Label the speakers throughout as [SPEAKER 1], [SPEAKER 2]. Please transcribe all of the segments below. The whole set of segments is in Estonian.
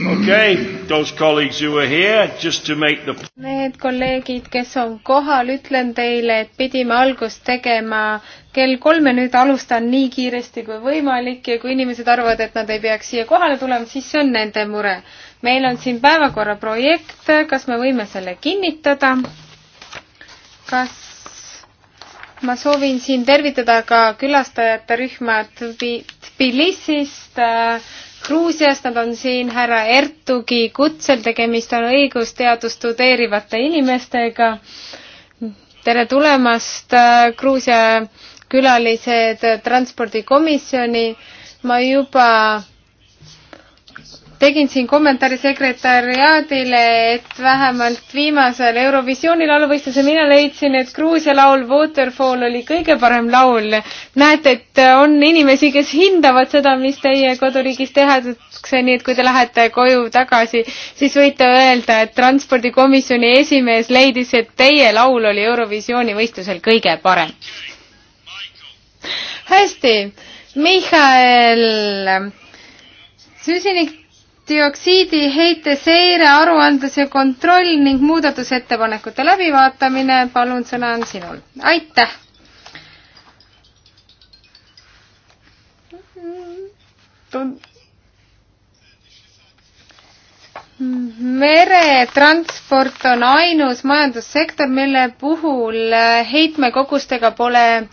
[SPEAKER 1] Okay, those colleagues who are here, just to make the...
[SPEAKER 2] Need kolleegid, kes on kohal, ütlen teile, et pidime algust tegema kell kolme, nüüd alustan nii kiiresti kui võimalik ja kui inimesed arvavad, et nad ei peaks siia kohale tulema, siis see on nende mure. meil on siin päevakorra projekt, kas me võime selle kinnitada? kas ma soovin siin tervitada ka külastajate rühma Tbilisist äh, Gruusiast, nad on siin härra Ertugi kutsel, tegemist on õigusteadust studeerivate inimestega. tere tulemast, äh, Gruusia külalised äh, transpordikomisjoni. ma juba tegin siin kommentaari sekretäriaadile, et vähemalt viimasel Eurovisiooni lauluvõistluse mina leidsin, et Gruusia laul Waterfall oli kõige parem laul. näete, et on inimesi, kes hindavad seda, mis teie koduriigis tehakse, nii et kui te lähete koju tagasi, siis võite öelda, et transpordikomisjoni esimees leidis, et teie laul oli Eurovisiooni võistlusel kõige parem. hästi, Michael süsinik dioksiidi heite seire aruandluse kontroll ning muudatusettepanekute läbivaatamine. palun, sõna on sinul. aitäh. meretransport on ainus majandussektor, mille puhul heitmekogustega pole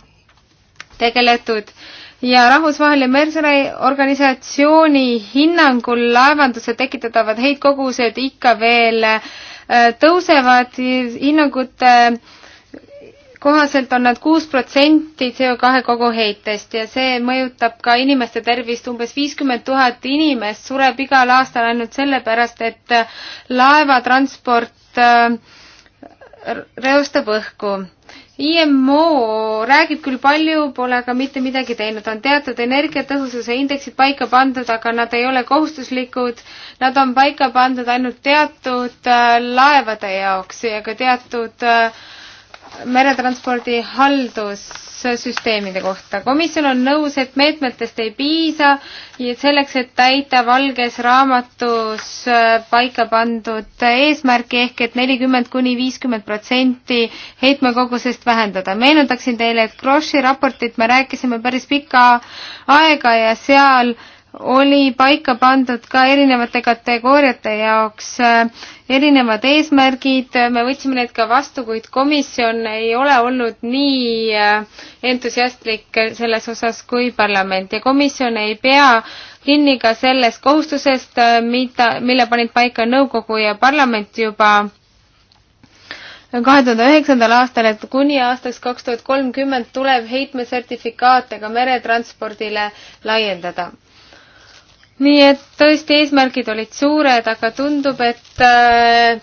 [SPEAKER 2] tegeletud ja Rahvusvaheline Mereorganisatsiooni hinnangul laevanduse tekitatavad heitkogused ikka veel äh, tõusevad, hinnangute kohaselt on nad kuus protsenti CO2 koguheitest ja see mõjutab ka inimeste tervist. umbes viiskümmend tuhat inimest sureb igal aastal ainult sellepärast, et laevatransport äh, reostab õhku IMO räägib küll palju, pole aga mitte midagi teinud, on teatud energiatõhususe indeksid paika pandud, aga nad ei ole kohustuslikud. Nad on paika pandud ainult teatud äh, laevade jaoks ja ka teatud äh, meretranspordi haldussüsteemide kohta. komisjon on nõus, et meetmetest ei piisa selleks, et täita valges raamatus äh, paika pandud eesmärki ehk et nelikümmend kuni viiskümmend protsenti heitmekogusest vähendada. meenutaksin teile, et Grossi raportit me rääkisime päris pikka aega ja seal äh, oli paika pandud ka erinevate kategooriate jaoks äh, erinevad eesmärgid, me võtsime need ka vastu, kuid komisjon ei ole olnud nii äh, entusiastlik selles osas kui parlament ja komisjon ei pea kinni ka sellest kohustusest, äh, mida, mille panid paika nõukogu ja parlament juba kahe tuhande üheksandal aastal, et kuni aastaks kaks tuhat kolmkümmend tuleb heitmesertifikaate ka meretranspordile laiendada nii et tõesti, eesmärgid olid suured, aga tundub, et äh,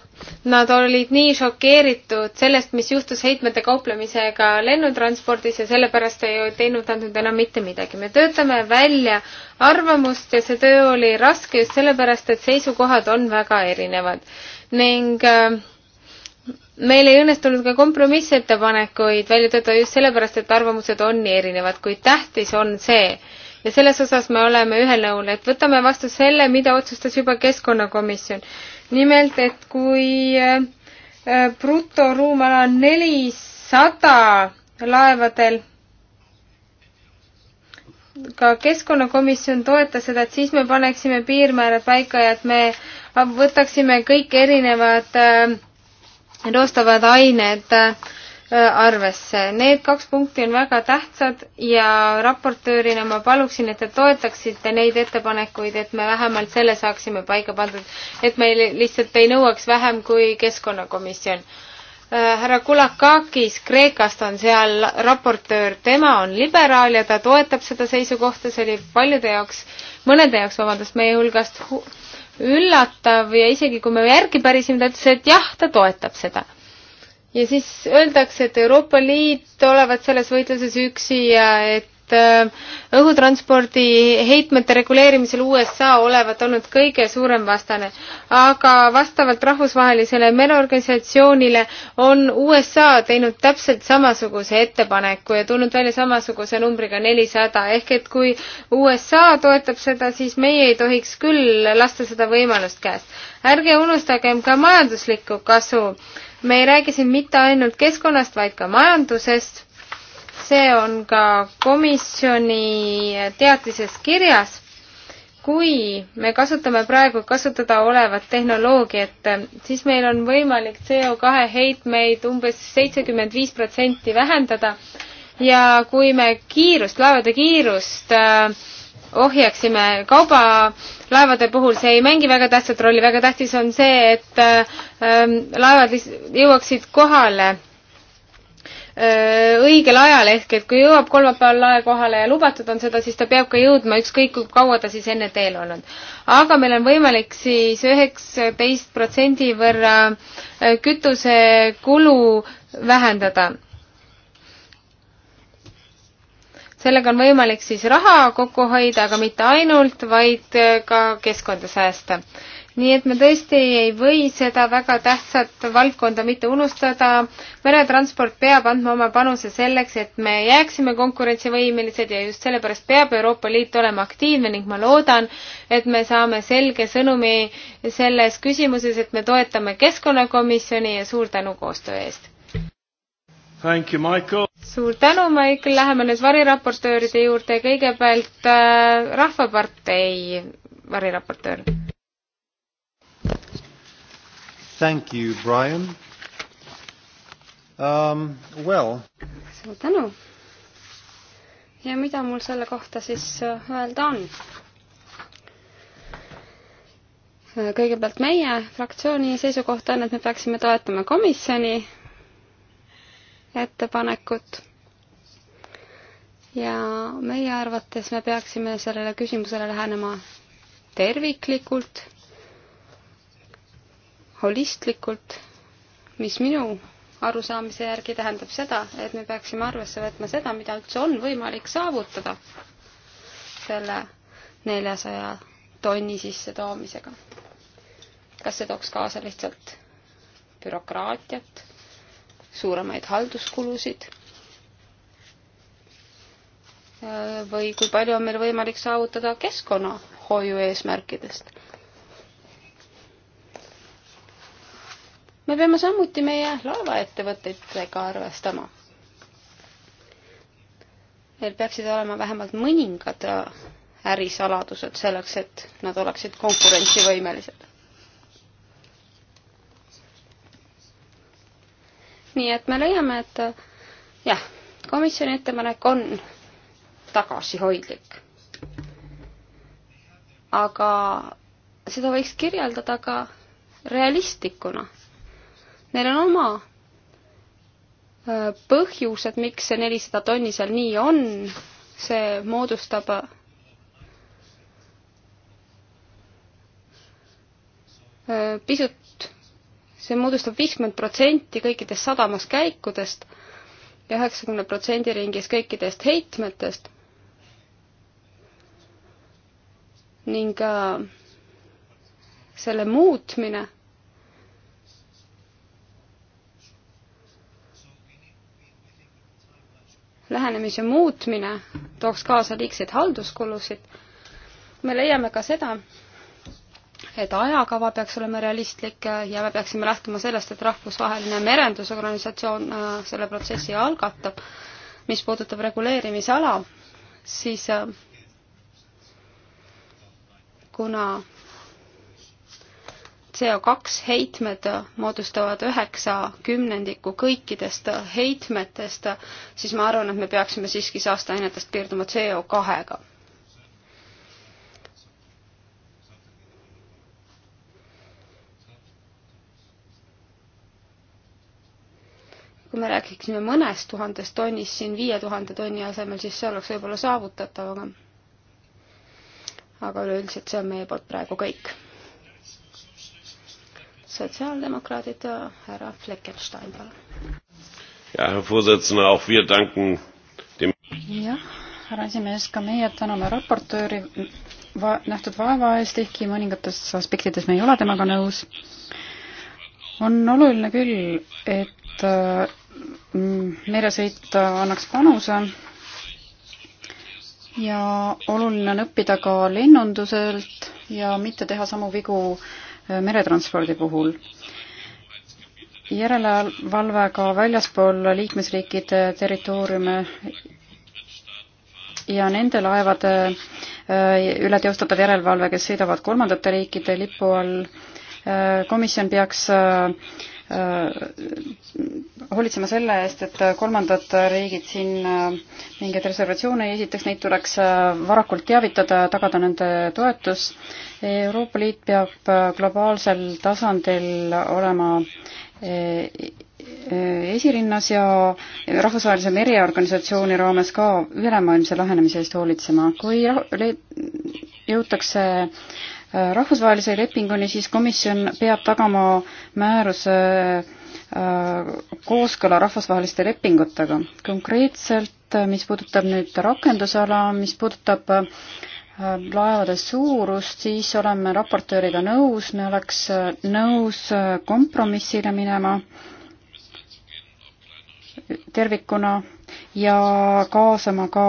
[SPEAKER 2] nad olid nii šokeeritud sellest, mis juhtus heitmete kauplemisega lennutranspordis ja sellepärast ei teinud nad nüüd enam mitte midagi. me töötame välja arvamust ja see töö oli raske just sellepärast, et seisukohad on väga erinevad ning äh, meil ei õnnestunud ka kompromissettepanekuid välja töötada just sellepärast, et arvamused on nii erinevad, kuid tähtis on see, ja selles osas me oleme ühel nõul, et võtame vastu selle, mida otsustas juba Keskkonnakomisjon. nimelt, et kui äh, äh, brutoruumala on nelisada laevadel, ka Keskkonnakomisjon toetas seda, et siis me paneksime piirmäära paika ja et me võtaksime kõik erinevad äh, roostavad ained äh, arvesse. Need kaks punkti on väga tähtsad ja raportöörina ma paluksin, et te toetaksite neid ettepanekuid, et me vähemalt selle saaksime paika pandud, et me lihtsalt ei nõuaks vähem kui keskkonnakomisjon. härra Kulakakis Kreekast on seal raportöör, tema on liberaal ja ta toetab seda seisukohta, see oli paljude jaoks, mõnede jaoks, vabandust, meie hulgast üllatav ja isegi kui me järgi pärisime, ta ütles, et jah, ta toetab seda ja siis öeldakse, et Euroopa Liit olevat selles võitluses üksi ja et äh, õhutranspordi heitmete reguleerimisel USA olevat olnud kõige suurem vastane. aga vastavalt rahvusvahelisele mereorganisatsioonile on USA teinud täpselt samasuguse ettepaneku ja tulnud välja samasuguse numbriga nelisada, ehk et kui USA toetab seda, siis meie ei tohiks küll lasta seda võimalust käest. ärge unustagem ka majanduslikku kasu me ei räägi siin mitte ainult keskkonnast, vaid ka majandusest. see on ka komisjoni teatises kirjas. kui me kasutame praegu kasutada olevat tehnoloogiat, siis meil on võimalik CO2 heitmeid umbes seitsekümmend viis protsenti vähendada ja kui me kiirust, laevade kiirust äh, ohjaksime. kaubalaevade puhul see ei mängi väga tähtsat rolli, väga tähtis on see, et ähm, laevad jõuaksid kohale äh, õigel ajal, ehk et kui jõuab kolmapäeval lae kohale ja lubatud on seda, siis ta peab ka jõudma, ükskõik kui kaua ta siis enne teel olnud. aga meil on võimalik siis üheksateist protsendi võrra äh, kütusekulu vähendada. sellega on võimalik siis raha kokku hoida, aga mitte ainult, vaid äh, ka keskkonda säästa. nii et me tõesti ei või seda väga tähtsat valdkonda mitte unustada. meretransport peab andma oma panuse selleks, et me jääksime konkurentsivõimelised ja just sellepärast peab Euroopa Liit olema aktiivne ning ma loodan, et me saame selge sõnumi selles küsimuses, et me toetame Keskkonnakomisjoni ja suur tänu koostöö eest!
[SPEAKER 1] Thank you, Michael suur tänu, Maicel,
[SPEAKER 2] läheme nüüd variraportööride juurde, kõigepealt äh, Rahvapartei variraportöör.
[SPEAKER 1] Thank you, Brian um,. Well.
[SPEAKER 3] suur tänu. ja mida mul selle kohta siis äh, öelda on? Äh, kõigepealt meie fraktsiooni seisukoht on, et me peaksime toetama komisjoni ettepanekut. ja meie arvates me peaksime sellele küsimusele lähenema terviklikult, holistlikult, mis minu arusaamise järgi tähendab seda, et me peaksime arvesse võtma seda, mida üldse on võimalik saavutada selle neljasaja tonni sissetoomisega. kas see tooks kaasa lihtsalt bürokraatiat? suuremaid halduskulusid või kui palju on meil võimalik saavutada keskkonnahoiu eesmärkidest. me peame samuti meie laevaettevõtetega arvestama. Neil peaksid olema vähemalt mõningad ärisaladused selleks, et nad oleksid konkurentsivõimelised nii et me leiame, et jah, komisjoni ettepanek on tagasihoidlik. aga seda võiks kirjeldada ka realistlikuna. Neil on oma äh, põhjused, miks see nelisada tonni seal nii on, see moodustab äh, pisut see moodustab viiskümmend protsenti kõikidest sadamas käikudest ja üheksakümne protsendi ringis kõikidest heitmetest. ning äh, selle muutmine lähenemise muutmine tooks kaasa liigseid halduskulusid. me leiame ka seda, et ajakava peaks olema realistlik ja me peaksime lähtuma sellest, et rahvusvaheline merendusorganisatsioon äh, selle protsessi algatab. mis puudutab reguleerimisala, siis äh, kuna CO2 heitmed moodustavad üheksa kümnendikku kõikidest heitmetest, siis ma arvan, et me peaksime siiski saasteainetest piirduma CO2-ga kui me räägiksime mõnest tuhandest tonnist siin viie tuhande tonni asemel, siis see oleks võib-olla saavutatav, aga aga üleüldiselt see on meie poolt praegu kõik. sotsiaaldemokraadid ja
[SPEAKER 4] härra Fleckenstein, palun.
[SPEAKER 1] ja, härra Vorsitzende, auch wir danken
[SPEAKER 4] dem jah, härra esimees, ka meie täname raportööri va-, nähtud vaeva eest, ehkki mõningates aspektides me ei ole temaga nõus on oluline küll, et äh, meresõit annaks panuse ja oluline on õppida ka lennunduselt ja mitte teha samu vigu äh, meretranspordi puhul. järelevalve ka väljaspool liikmesriikide territooriume ja nende laevade äh, üle teostatav järelevalve, kes sõidavad kolmandate riikide lipu all, äh, komisjon peaks äh, Äh, hoolitsema selle eest, et kolmandad riigid siin äh, mingeid reservatsioone ei esitaks, neid tuleks äh, varakult teavitada ja tagada nende toetus. Euroopa Liit peab globaalsel tasandil olema esirinnas ja rahvusvahelise mereorganisatsiooni raames ka ülemaailmse lähenemise eest hoolitsema. kui jõutakse rahvusvahelise lepinguni, siis komisjon peab tagama määruse äh, kooskõla rahvusvaheliste lepingutega. konkreetselt, äh, mis puudutab nüüd rakendusala, mis puudutab äh, laevade suurust, siis oleme raportööriga nõus, me oleks nõus kompromissile minema tervikuna ja kaasama ka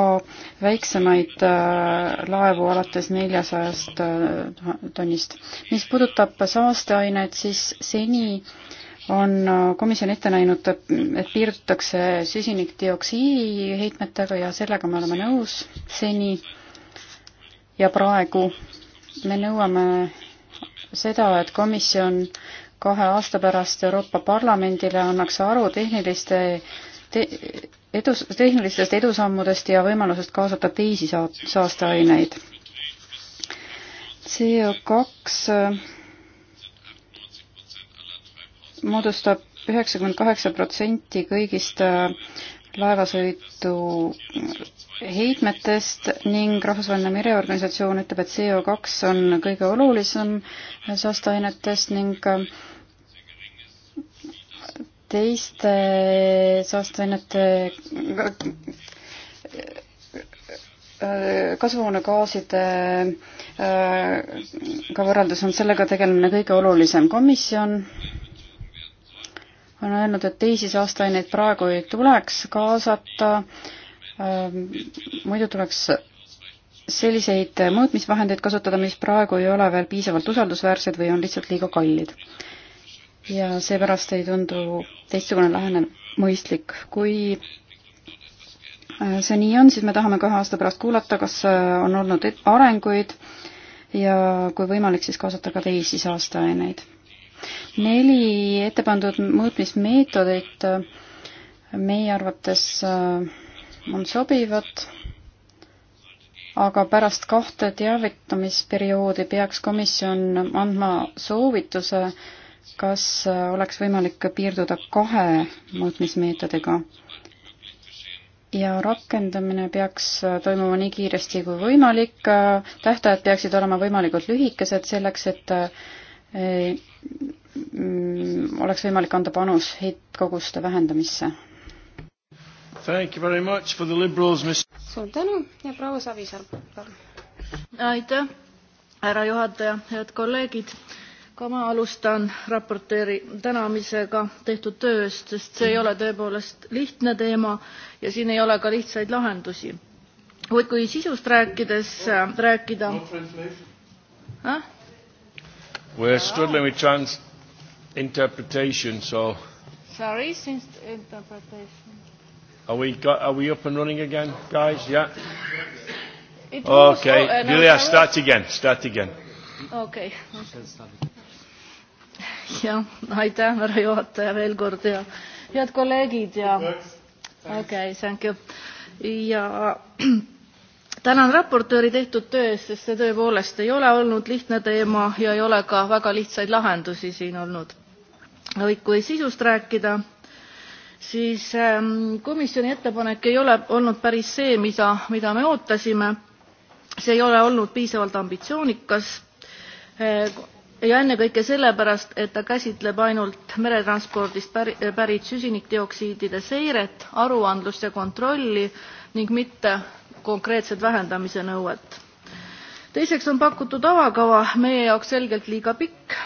[SPEAKER 4] väiksemaid äh, laevu alates neljasajast äh, tonnist. mis puudutab saasteainet, siis seni on äh, komisjon ette näinud, et piirdutakse süsinikdioksiidi heitmetega ja sellega me oleme nõus seni ja praegu me nõuame seda, et komisjon kahe aasta pärast Euroopa Parlamendile annaks aru tehniliste te edus, tehnilistest edusammudest ja võimalusest kaasata teisi saasteaineid. CO2 äh, moodustab üheksakümmend kaheksa protsenti kõigist äh, laevasõidu heitmetest ning Rahvusvaheline Mereorganisatsioon ütleb, et CO2 on kõige olulisem äh, saasteainetest ning teiste saasteainete kasvuhoonegaaside äh, ka võrreldes on sellega tegelemine kõige olulisem. komisjon on öelnud, et teisi saasteaineid praegu ei tuleks kaasata, ähm, muidu tuleks selliseid mõõtmisvahendeid kasutada, mis praegu ei ole veel piisavalt usaldusväärsed või on lihtsalt liiga kallid ja seepärast ei tundu teistsugune lähenemine mõistlik. kui äh, see nii on, siis me tahame kahe aasta pärast kuulata, kas äh, on olnud arenguid ja kui võimalik, siis kaasata ka teisi saasteaineid. neli ette pandud mõõtmismeetodit äh, meie arvates on sobivad, aga pärast kahte teavitamisperioodi peaks komisjon andma soovituse äh, kas oleks võimalik piirduda kahe mõõtmismeetodiga ja rakendamine peaks toimuma nii kiiresti kui võimalik, tähtajad peaksid olema võimalikult lühikesed selleks, et mm, oleks võimalik anda panus heitkoguste vähendamisse.
[SPEAKER 3] suur tänu ja proua Savisaar, palun. aitäh, härra
[SPEAKER 5] juhataja, head kolleegid ka ma alustan raportööri tänamisega tehtud töö eest sest see ei ole tõepoolest lihtne teema ja siin ei ole ka lihtsaid lahendusi kuid kui sisust rääkides äh, rääkida no eh?
[SPEAKER 1] we're struggling with trans interpretation so
[SPEAKER 5] sorry since interpretation
[SPEAKER 1] are we got, are we up and running again guys yeah
[SPEAKER 5] it okay uh, Julia start
[SPEAKER 1] again start again okay, okay
[SPEAKER 5] jah, aitäh, härra juhataja veel kord ja head kolleegid ja okei okay,, thank you ja tänan raportööri tehtud töö eest, sest see tõepoolest ei ole olnud lihtne teema ja ei ole ka väga lihtsaid lahendusi siin olnud. kui sisust rääkida, siis ähm, komisjoni ettepanek ei ole olnud päris see, mida, mida me ootasime. see ei ole olnud piisavalt ambitsioonikas äh, ja ennekõike sellepärast et ta käsitleb ainult meretranspordist pärit süsinikdioksiidide seiret aruandlust ja kontrolli ning mitte konkreetset vähendamise nõuet. teiseks on pakutud avakava meie jaoks selgelt liiga pikk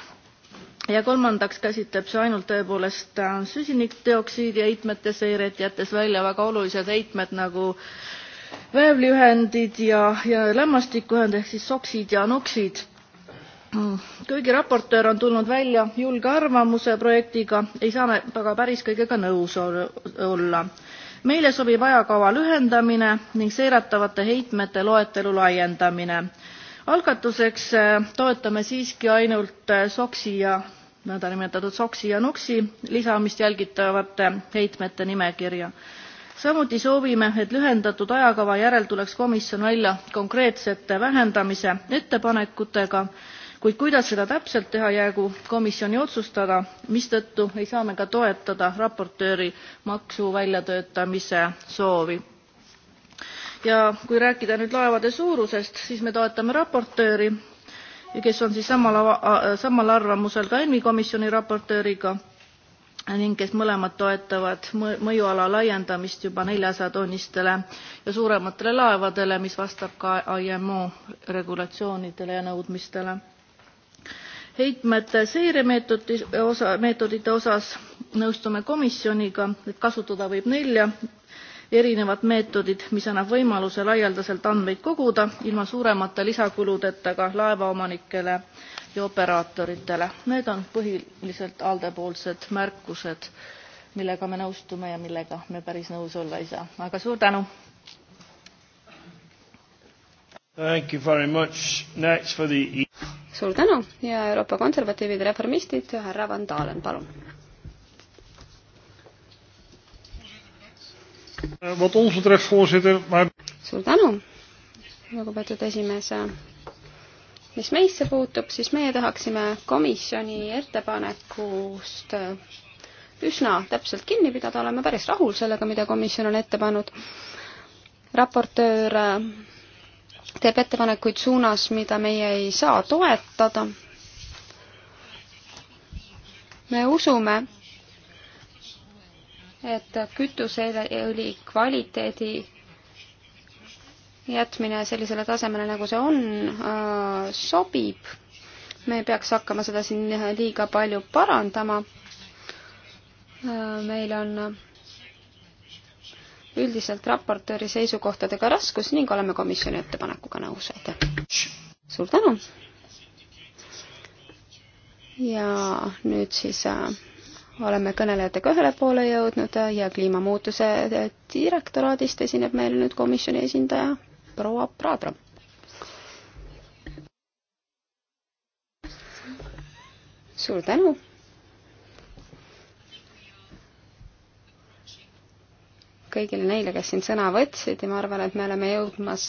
[SPEAKER 5] ja kolmandaks käsitleb see ainult tõepoolest äh, süsinikdioksiidi heitmete seiret jättes välja väga olulised heitmed nagu väävliühendid ja ja lämmastikuühend ehk siis soksid ja noksid kuigi raportöör on tulnud välja julge arvamuse projektiga ei saa me aga päris kõigega nõus olla. meile sobib ajakava lühendamine ning seiratavate heitmete loetelu laiendamine. algatuseks äh, toetame siiski ainult äh, soksi ja nõndanimetatud soksi ja noksi lisamist jälgitavate heitmete nimekirja samuti soovime et lühendatud ajakava järel tuleks komisjon välja konkreetsete vähendamise ettepanekutega kuid kuidas seda täpselt teha jäägu komisjoni otsustada mistõttu ei saa me ka toetada raportööri maksu väljatöötamise soovi. ja kui rääkida nüüd laevade suurusest siis me toetame raportööri kes on siis samal, samal arvamusel ka ENMi komisjoni raportööriga ning kes mõlemad toetavad mõjuala laiendamist juba 400 tonnistele ja suurematele laevadele mis vastab ka IMO regulatsioonidele ja nõudmistele heitmete seiremeetodite osa, osas nõustume komisjoniga et kasutada võib nelja erinevat meetodit mis annab võimaluse laialdaselt andmeid koguda ilma suuremate lisakuludeta ka laevaomanikele ja operaatoritele. need on põhiliselt alde poolsed märkused millega me nõustume ja millega me päris nõus olla ei saa aga suur tänu!
[SPEAKER 1] Thank you very much. Next for the... E-
[SPEAKER 3] suur tänu ja Euroopa konservatiivid ja reformistid, härra Van Dalen, palun.
[SPEAKER 1] Eh, wat ons betreft, voorzitter,
[SPEAKER 3] maar... suur tänu, lugupeetud esimees. mis meisse puutub, siis meie tahaksime komisjoni ettepanekust eh, üsna täpselt kinni pidada, oleme päris rahul sellega, mida komisjon on ette pannud. raportöör eh, teeb ettepanekuid suunas, mida meie ei saa toetada. me usume, et kütuseõli kvaliteedi jätmine sellisele tasemele, nagu see on, äh, sobib. me ei peaks hakkama seda siin liiga palju parandama. Äh, meil on üldiselt raportööri seisukohtadega raskus ning oleme komisjoni ettepanekuga nõus, aitäh! suur tänu! ja nüüd siis äh, oleme kõnelejatega ühele poole jõudnud äh, ja kliimamuutuse äh, direktoraadist esineb meil nüüd komisjoni esindaja proua Praadra. suur tänu, kõigile neile, kes siin sõna võtsid ja ma arvan, et me oleme jõudmas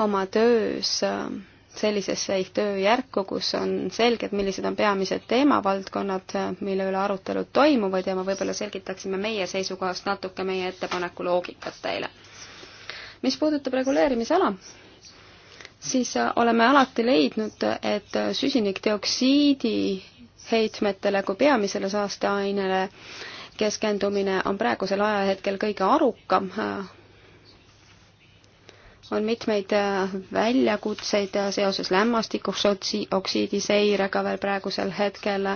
[SPEAKER 3] oma töös sellisesse tööjärku, kus on selged, millised on peamised teemavaldkonnad, mille üle arutelud toimuvad ja ma võib-olla selgitaksime meie seisukohast natuke meie ettepaneku loogikat teile. mis puudutab reguleerimisala, siis oleme alati leidnud, et süsinikdioksiidi heitmetele kui peamisele saasteainele äh, keskendumine on praegusel ajahetkel kõige arukam. on mitmeid äh, väljakutseid äh, seoses lämmastikuoksiidi seirega veel praegusel hetkel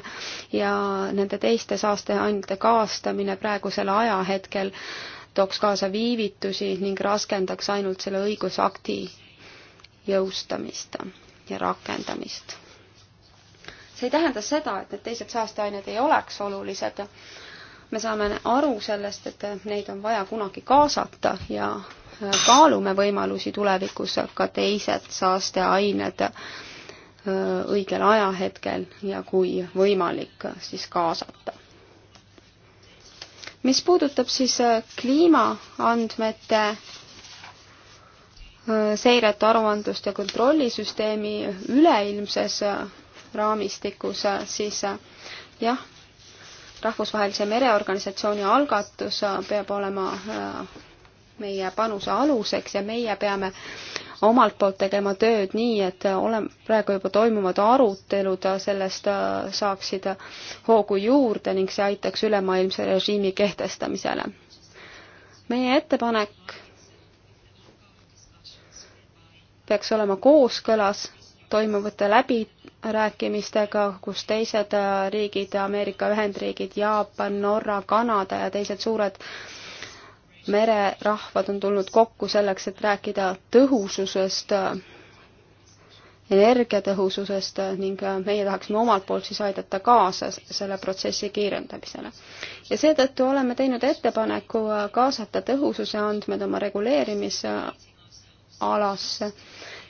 [SPEAKER 3] ja nende teiste saasteandjate kaastamine praegusel ajahetkel tooks kaasa viivitusi ning raskendaks ainult selle õigusakti jõustamist ja rakendamist see ei tähenda seda, et need teised saasteained ei oleks olulised, me saame aru sellest, et neid on vaja kunagi kaasata ja kaalume võimalusi tulevikus ka teised saasteained õigel ajahetkel ja kui võimalik, siis kaasata. mis puudutab siis kliimaandmete seiret, aruandlust ja kontrollisüsteemi üleilmses raamistikus, siis jah, rahvusvahelise mereorganisatsiooni algatus äh, peab olema äh, meie panuse aluseks ja meie peame omalt poolt tegema tööd nii, et äh, olem-, praegu juba toimuvad arutelud sellest saaksid hoogu juurde ning see aitaks ülemaailmse režiimi kehtestamisele. meie ettepanek peaks olema kooskõlas toimuvate läbirääkimistega, kus teised äh, riigid, Ameerika Ühendriigid, Jaapan, Norra, Kanada ja teised suured mererahvad on tulnud kokku selleks, et rääkida tõhususest, energiatõhususest ning äh, meie tahaksime omalt poolt siis aidata kaasa selle protsessi kiirendamisele. ja seetõttu oleme teinud ettepaneku äh, kaasata tõhususe andmed oma reguleerimisalasse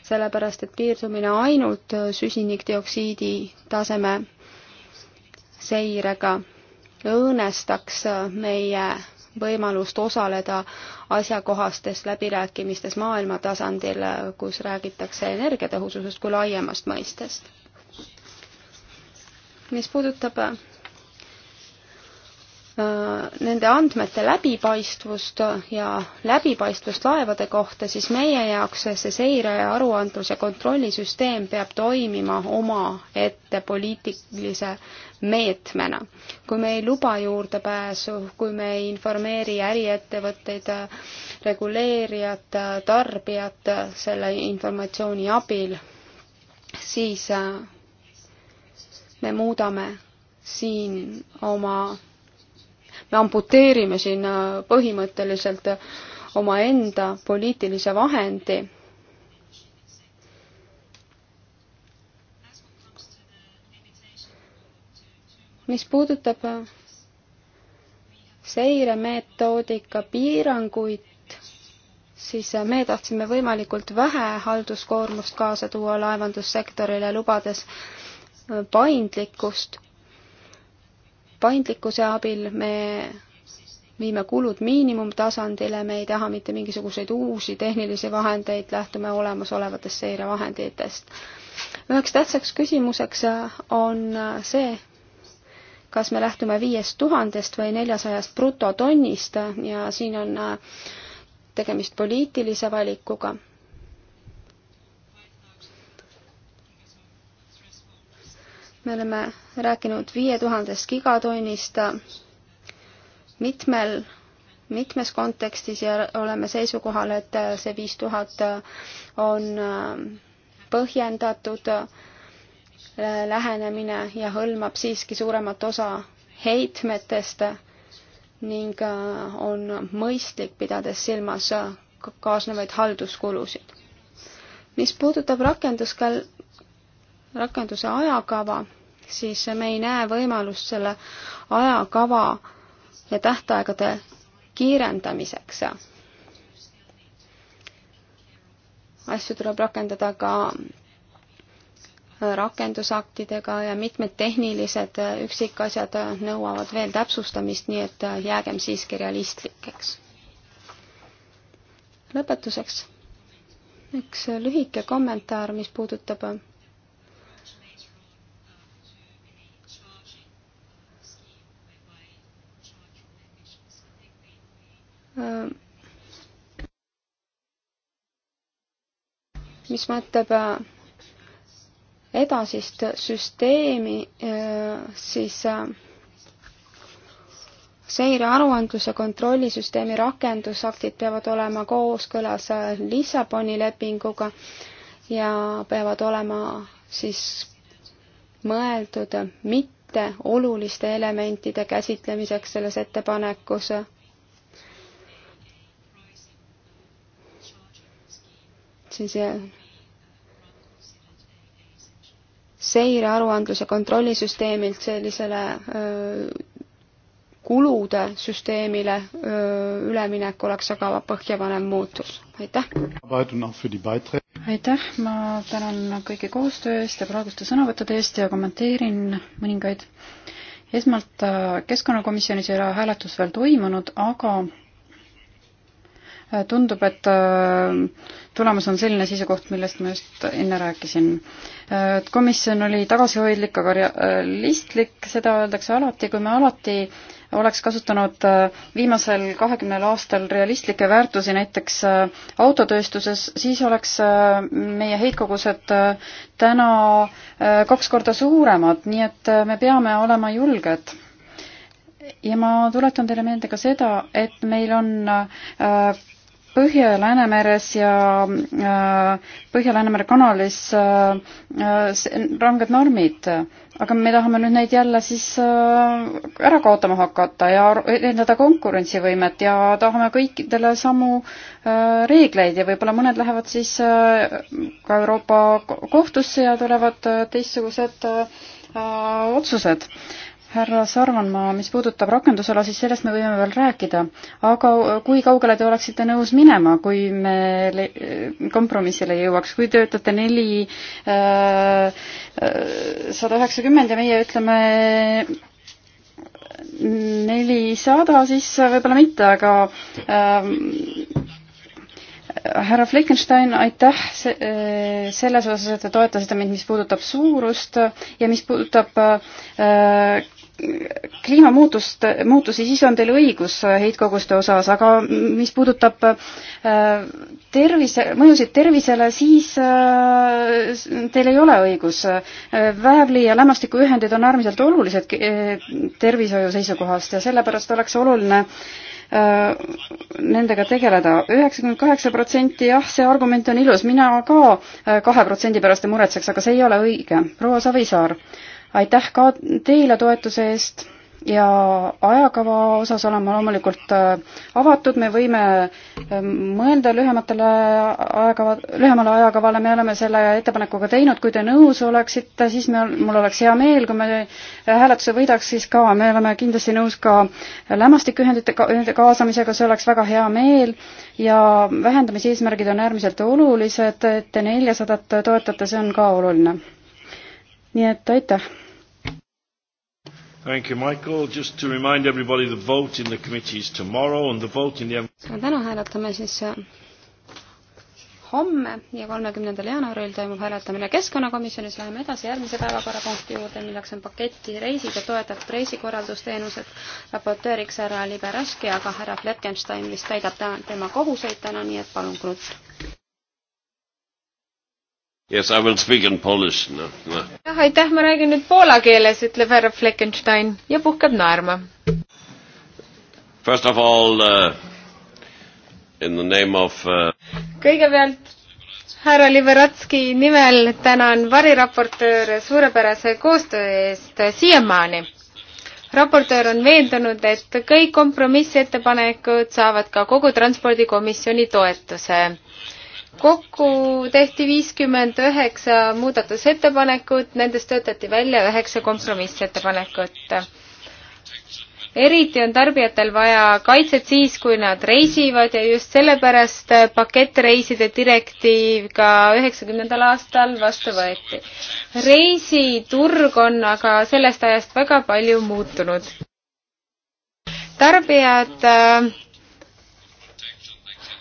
[SPEAKER 3] sellepärast et piirdumine ainult süsinikdioksiidi taseme seirega õõnestaks meie võimalust osaleda asjakohastes läbirääkimistes maailma tasandil, kus räägitakse energiatõhususest kui laiemast mõistest. mis puudutab Äh, nende andmete läbipaistvust ja läbipaistvust laevade kohta, siis meie jaoks see seire, aruandlus ja kontrollisüsteem peab toimima omaette poliitilise meetmena. kui me ei luba juurdepääsu, kui me ei informeeri äriettevõtteid, reguleerijat, tarbijat selle informatsiooni abil, siis äh, me muudame siin oma me amputeerime siin äh, põhimõtteliselt omaenda poliitilise vahendi mis puudutab äh, seiremeetoodika piiranguid, siis äh, me tahtsime võimalikult vähe halduskoormust kaasa tuua laevandussektorile, lubades paindlikkust paindlikkuse abil me viime kulud miinimumtasandile, me ei taha mitte mingisuguseid uusi tehnilisi vahendeid, lähtume olemasolevatest seirevahenditest. üheks tähtsaks küsimuseks on see, kas me lähtume viiest tuhandest või neljasajast brutotonnist ja siin on tegemist poliitilise valikuga me oleme rääkinud viie tuhandest gigatonnist mitmel, mitmes kontekstis ja oleme seisukohal, et see viis tuhat on äh, põhjendatud äh, lähenemine ja hõlmab siiski suuremat osa heitmetest ning äh, on mõistlik, pidades silmas kaasnevaid halduskulusid. mis puudutab rakenduskal-, rakenduse ajakava, siis me ei näe võimalust selle ajakava ja tähtaegade kiirendamiseks. asju tuleb rakendada ka äh, rakendusaktidega ja mitmed tehnilised äh, üksikasjad äh, nõuavad veel täpsustamist, nii et jäägem siiski realistlikeks. lõpetuseks üks lühike kommentaar, mis puudutab Äh, mis mõtleb äh, edasist süsteemi, äh, siis seirearuandluse kontrollisüsteemi rakendusaktid peavad olema kooskõlas Lissaboni lepinguga ja peavad olema siis mõeldud mitte oluliste elementide käsitlemiseks selles ettepanekus siis seire aruandluse kontrollisüsteemilt sellisele öö, kulude süsteemile öö, üleminek oleks aga põhjapanev
[SPEAKER 4] muutus. aitäh! aitäh, ma tänan kõigi koostöö eest ja praeguste sõnavõttude eest ja kommenteerin mõningaid. esmalt äh, keskkonnakomisjonis ei ole hääletus veel toimunud, aga tundub, et äh, tulemus on selline seisukoht, millest ma just enne rääkisin. et äh, komisjon oli tagasihoidlik, aga realistlik, äh, seda öeldakse alati, kui me alati oleks kasutanud viimasel kahekümnel aastal realistlikke väärtusi näiteks autotööstuses, siis oleks meie heitkogused täna kaks korda suuremad, nii et me peame olema julged ja ma tuletan teile meelde ka seda, et meil on äh, Põhja- ja Läänemeres ja äh, Põhja-Läänemere kanalis äh, äh, ranged normid, aga me tahame nüüd neid jälle siis ära kaotama hakata ja edendada konkurentsivõimet ja tahame kõikidele samu reegleid ja võib-olla mõned lähevad siis ka Euroopa kohtusse ja tulevad teistsugused otsused härra Sarvanmaa, mis puudutab rakendusala, siis sellest me võime veel rääkida. aga kui kaugele te oleksite nõus minema, kui me kompromissile jõuaks, kui töötate neli äh, äh, sada üheksakümmend ja meie ütleme nelisada, siis võib-olla mitte, aga äh, härra Fleckenstein, aitäh äh, selles osas, et te toetasite mind, mis puudutab suurust ja mis puudutab kliimamuutust, muutusi, siis on teil õigus heitkoguste osas, aga mis puudutab äh, tervise, mõjusid tervisele, siis äh, teil ei ole õigus. väävli ja lämmastikuühendid on äärmiselt olulised äh, tervishoiu seisukohast ja sellepärast oleks oluline nendega tegeleda. üheksakümmend kaheksa protsenti, jah, see argument on ilus, mina ka kahe protsendi pärast ei muretseks, aga see ei ole õige. proua Savisaar aitäh ka teile toetuse eest ja ajakava osas oleme loomulikult äh, avatud, me võime ähm, mõelda lühematele ajakava, lühemale ajakavale, me oleme selle ettepanekuga teinud, kui te nõus oleksite, siis me, mul oleks hea meel, kui me äh, hääletuse võidaks, siis ka me oleme kindlasti nõus ka lämmastikuühendite ka, kaasamisega, see oleks väga hea meel ja vähendamise eesmärgid on äärmiselt olulised, et te neljasadat toetate, see on ka oluline. nii et aitäh!
[SPEAKER 1] Thank you, Michael. Just to remind everybody the vote in the committee is tomorrow and the vote in the
[SPEAKER 3] suur tänu, hääletame siis äh, homme ja kolmekümnendal jaanuaril toimub hääletamine Keskkonnakomisjonis, läheme edasi järgmise päevakorrapunkti juurde, milleks on paketi reisid ja toetatud reisikorraldusteenused. raportööriks härra Liberaski, aga härra Fleckenstein vist täidab tema kohuseid täna, nii et palun, Knut.
[SPEAKER 1] Yes, I will speak in Polish no,. No.
[SPEAKER 2] jah, aitäh, ma räägin nüüd poola keeles, ütleb härra Fleckenstein ja puhkeb naerma.
[SPEAKER 1] First of all uh, in the name of uh...
[SPEAKER 2] kõigepealt härra Liberatski nimel tänan variraportööre suurepärase koostöö eest siiamaani. raportöör on veendunud, et kõik kompromissettepanekud saavad ka kogu transpordikomisjoni toetuse kokku tehti viiskümmend üheksa muudatusettepanekut, nendest töötati välja üheksa kompromissettepanekut. eriti on tarbijatel vaja kaitset siis, kui nad reisivad ja just sellepärast pakettreiside direktiiv ka üheksakümnendal aastal vastu võeti. reisiturg on aga sellest ajast väga palju muutunud. tarbijad äh,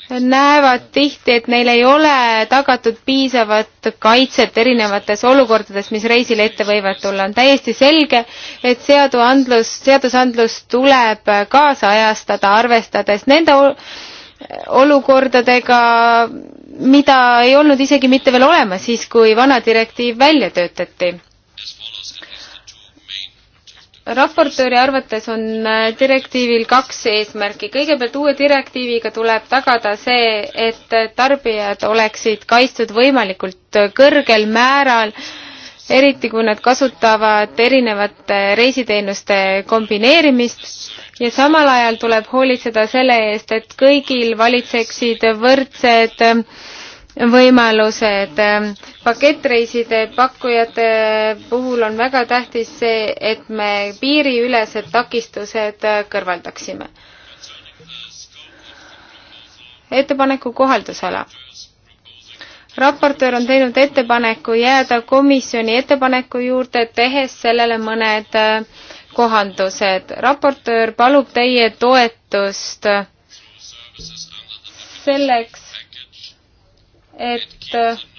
[SPEAKER 2] näevad tihti, et neil ei ole tagatud piisavat kaitset erinevates olukordades, mis reisile ette võivad tulla. on täiesti selge, et seaduandlus, seadusandlus tuleb kaasajastada, arvestades nende olukordadega, mida ei olnud isegi mitte veel olemas siis, kui vana direktiiv välja töötati raportööri arvates on äh, direktiivil kaks eesmärki. kõigepealt uue direktiiviga tuleb tagada see, et tarbijad oleksid kaitstud võimalikult kõrgel määral, eriti kui nad kasutavad erinevate reisiteenuste kombineerimist ja samal ajal tuleb hoolitseda selle eest, et kõigil valitseksid võrdsed võimalused äh, pakettreiside pakkujate puhul on väga tähtis see, et me piiriülesed takistused kõrvaldaksime. ettepaneku kohaldusala. raportöör on teinud ettepaneku jääda komisjoni ettepaneku juurde, tehes sellele mõned äh, kohandused. raportöör palub teie toetust selleks, et äh,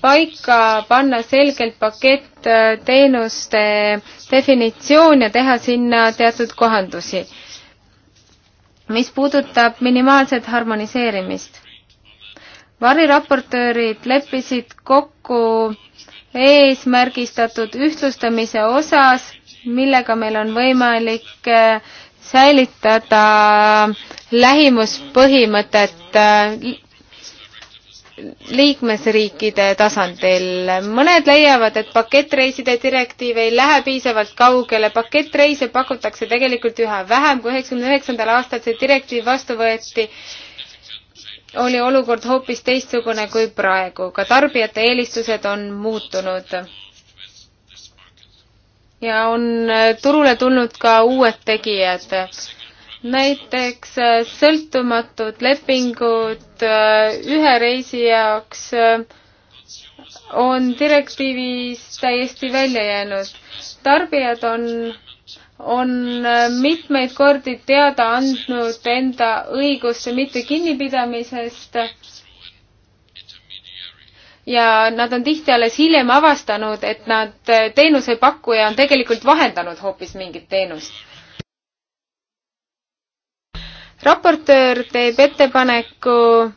[SPEAKER 2] paika panna selgelt pakett äh, teenuste definitsioon ja teha sinna teatud kohandusi. mis puudutab minimaalset harmoniseerimist, variraportöörid leppisid kokku eesmärgistatud ühtlustamise osas, millega meil on võimalik äh, säilitada lähimuspõhimõtet äh, liikmesriikide tasandil. mõned leiavad, et pakettreiside direktiiv ei lähe piisavalt kaugele, pakettreise pakutakse tegelikult üha vähem, kui üheksakümne üheksandal aastal see direktiiv vastu võeti, oli olukord hoopis teistsugune kui praegu, ka tarbijate eelistused on muutunud. ja on turule tulnud ka uued tegijad näiteks äh, sõltumatud lepingud äh, ühe reisi jaoks äh, on direktiivis täiesti välja jäänud. tarbijad on, on mitmeid kordi teada andnud enda õiguste mitte kinnipidamisest ja nad on tihti alles hiljem avastanud, et nad, teenusepakkuja on tegelikult vahendanud hoopis mingit teenust
[SPEAKER 3] raportöör teeb ettepaneku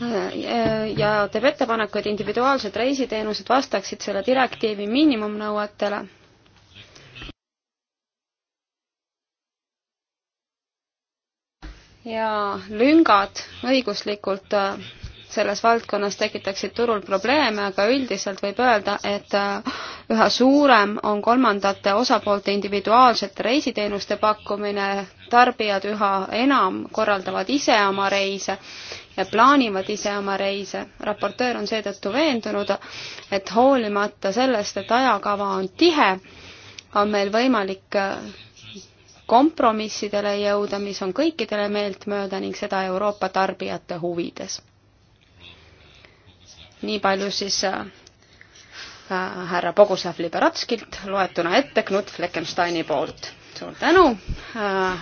[SPEAKER 3] äh, ja teeb ettepaneku, et individuaalsed reisiteenused vastaksid selle direktiivi miinimumnõuetele. ja lüngad õiguslikult äh, selles valdkonnas tekitaksid turul probleeme, aga üldiselt võib öelda, et äh, üha suurem on kolmandate osapoolte individuaalsete reisiteenuste pakkumine, tarbijad üha enam korraldavad ise oma reise ja plaanivad ise oma reise. raportöör on seetõttu veendunud, et hoolimata sellest, et ajakava on tihe, on meil võimalik äh, kompromissidele jõuda, mis on kõikidele meeltmööda ning seda Euroopa tarbijate huvides nii palju siis äh, härra Boguslav Liberatskilt loetuna ette Knut Fleckensteini poolt. suur tänu, äh,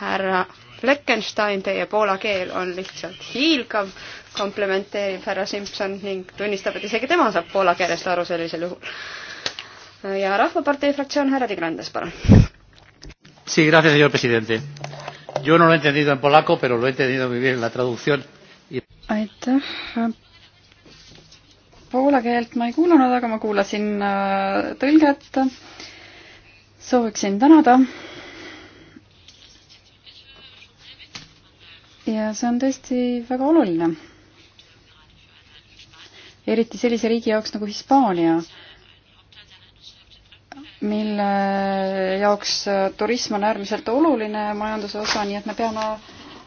[SPEAKER 3] härra Fleckenstein, teie poola keel on lihtsalt hiilgav, komplimenteerib härra Simson ning tunnistab, et isegi tema saab poola keelest aru sellisel juhul. Äh, ja Rahvapartei fraktsioon, härra Tigrandes, palun.
[SPEAKER 1] Sí, gracias, señor presidente. Yo no lo he entendido en polaco, pero lo he entendido muy bien en la traducción.
[SPEAKER 4] aitäh, poola keelt ma ei kuulanud, aga ma kuulasin äh, tõlget. sooviksin tänada. ja see on tõesti väga oluline. eriti sellise riigi jaoks nagu Hispaania, mille jaoks turism on äärmiselt oluline majanduse osa, nii et me peame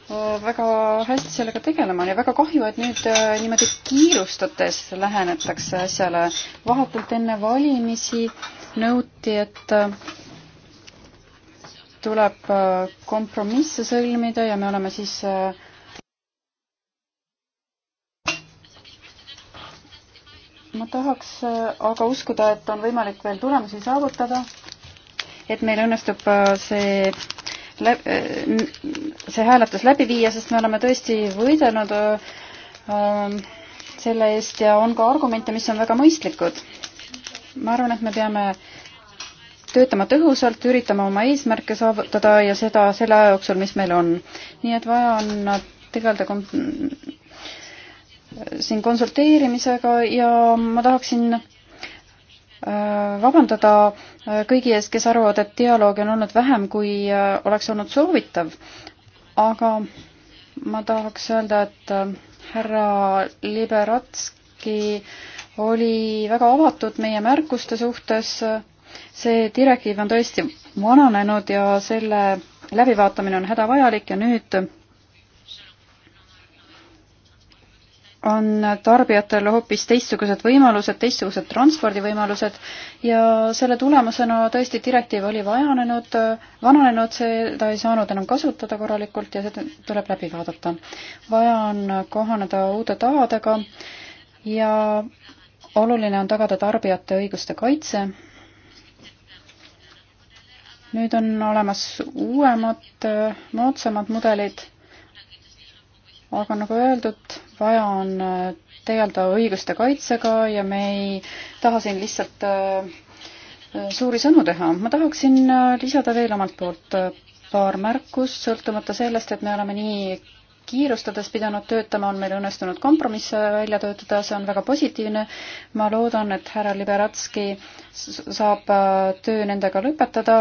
[SPEAKER 4] väga hästi sellega tegelema ja väga kahju, et nüüd äh, niimoodi kiirustades lähenetakse asjale. vahetult enne valimisi nõuti, et äh, tuleb äh, kompromisse sõlmida ja me oleme siis ma tahaks aga uskuda, et on võimalik veel tulemusi saavutada, et meil õnnestub see Äh, see hääletus läbi viia, sest me oleme tõesti võidelnud äh, ähm, selle eest ja on ka argumente, mis on väga mõistlikud. ma arvan, et me peame töötama tõhusalt, üritama oma eesmärke saavutada ja seda selle aja jooksul, mis meil on. nii et vaja on tegeleda kon siin konsulteerimisega ja ma tahaksin Äh, vabandada äh, kõigi ees, kes arvavad, et dialoogi on olnud vähem, kui äh, oleks olnud soovitav. aga ma tahaks öelda, et härra Liberatski oli väga avatud meie märkuste suhtes. see direktiiv on tõesti vananenud ja selle läbivaatamine on hädavajalik ja nüüd on tarbijatel hoopis teistsugused võimalused, teistsugused transpordivõimalused ja selle tulemusena tõesti direktiiv oli vajanenud, vananenud, seda ei saanud enam kasutada korralikult ja seda tuleb läbi vaadata. vaja on kohaneda uute tavadega ja oluline on tagada tarbijate õiguste kaitse. nüüd on olemas uuemad, moodsamad mudelid aga nagu öeldud, vaja on äh, tegeleda õiguste kaitsega ja me ei taha siin lihtsalt äh, äh, suuri sõnu teha. ma tahaksin lisada veel omalt poolt paar märkust, sõltumata sellest, et me oleme nii kiirustades pidanud töötama, on meil õnnestunud kompromisse välja töötada, see on väga positiivne. ma loodan, et härra Liberatski saab äh, töö nendega lõpetada,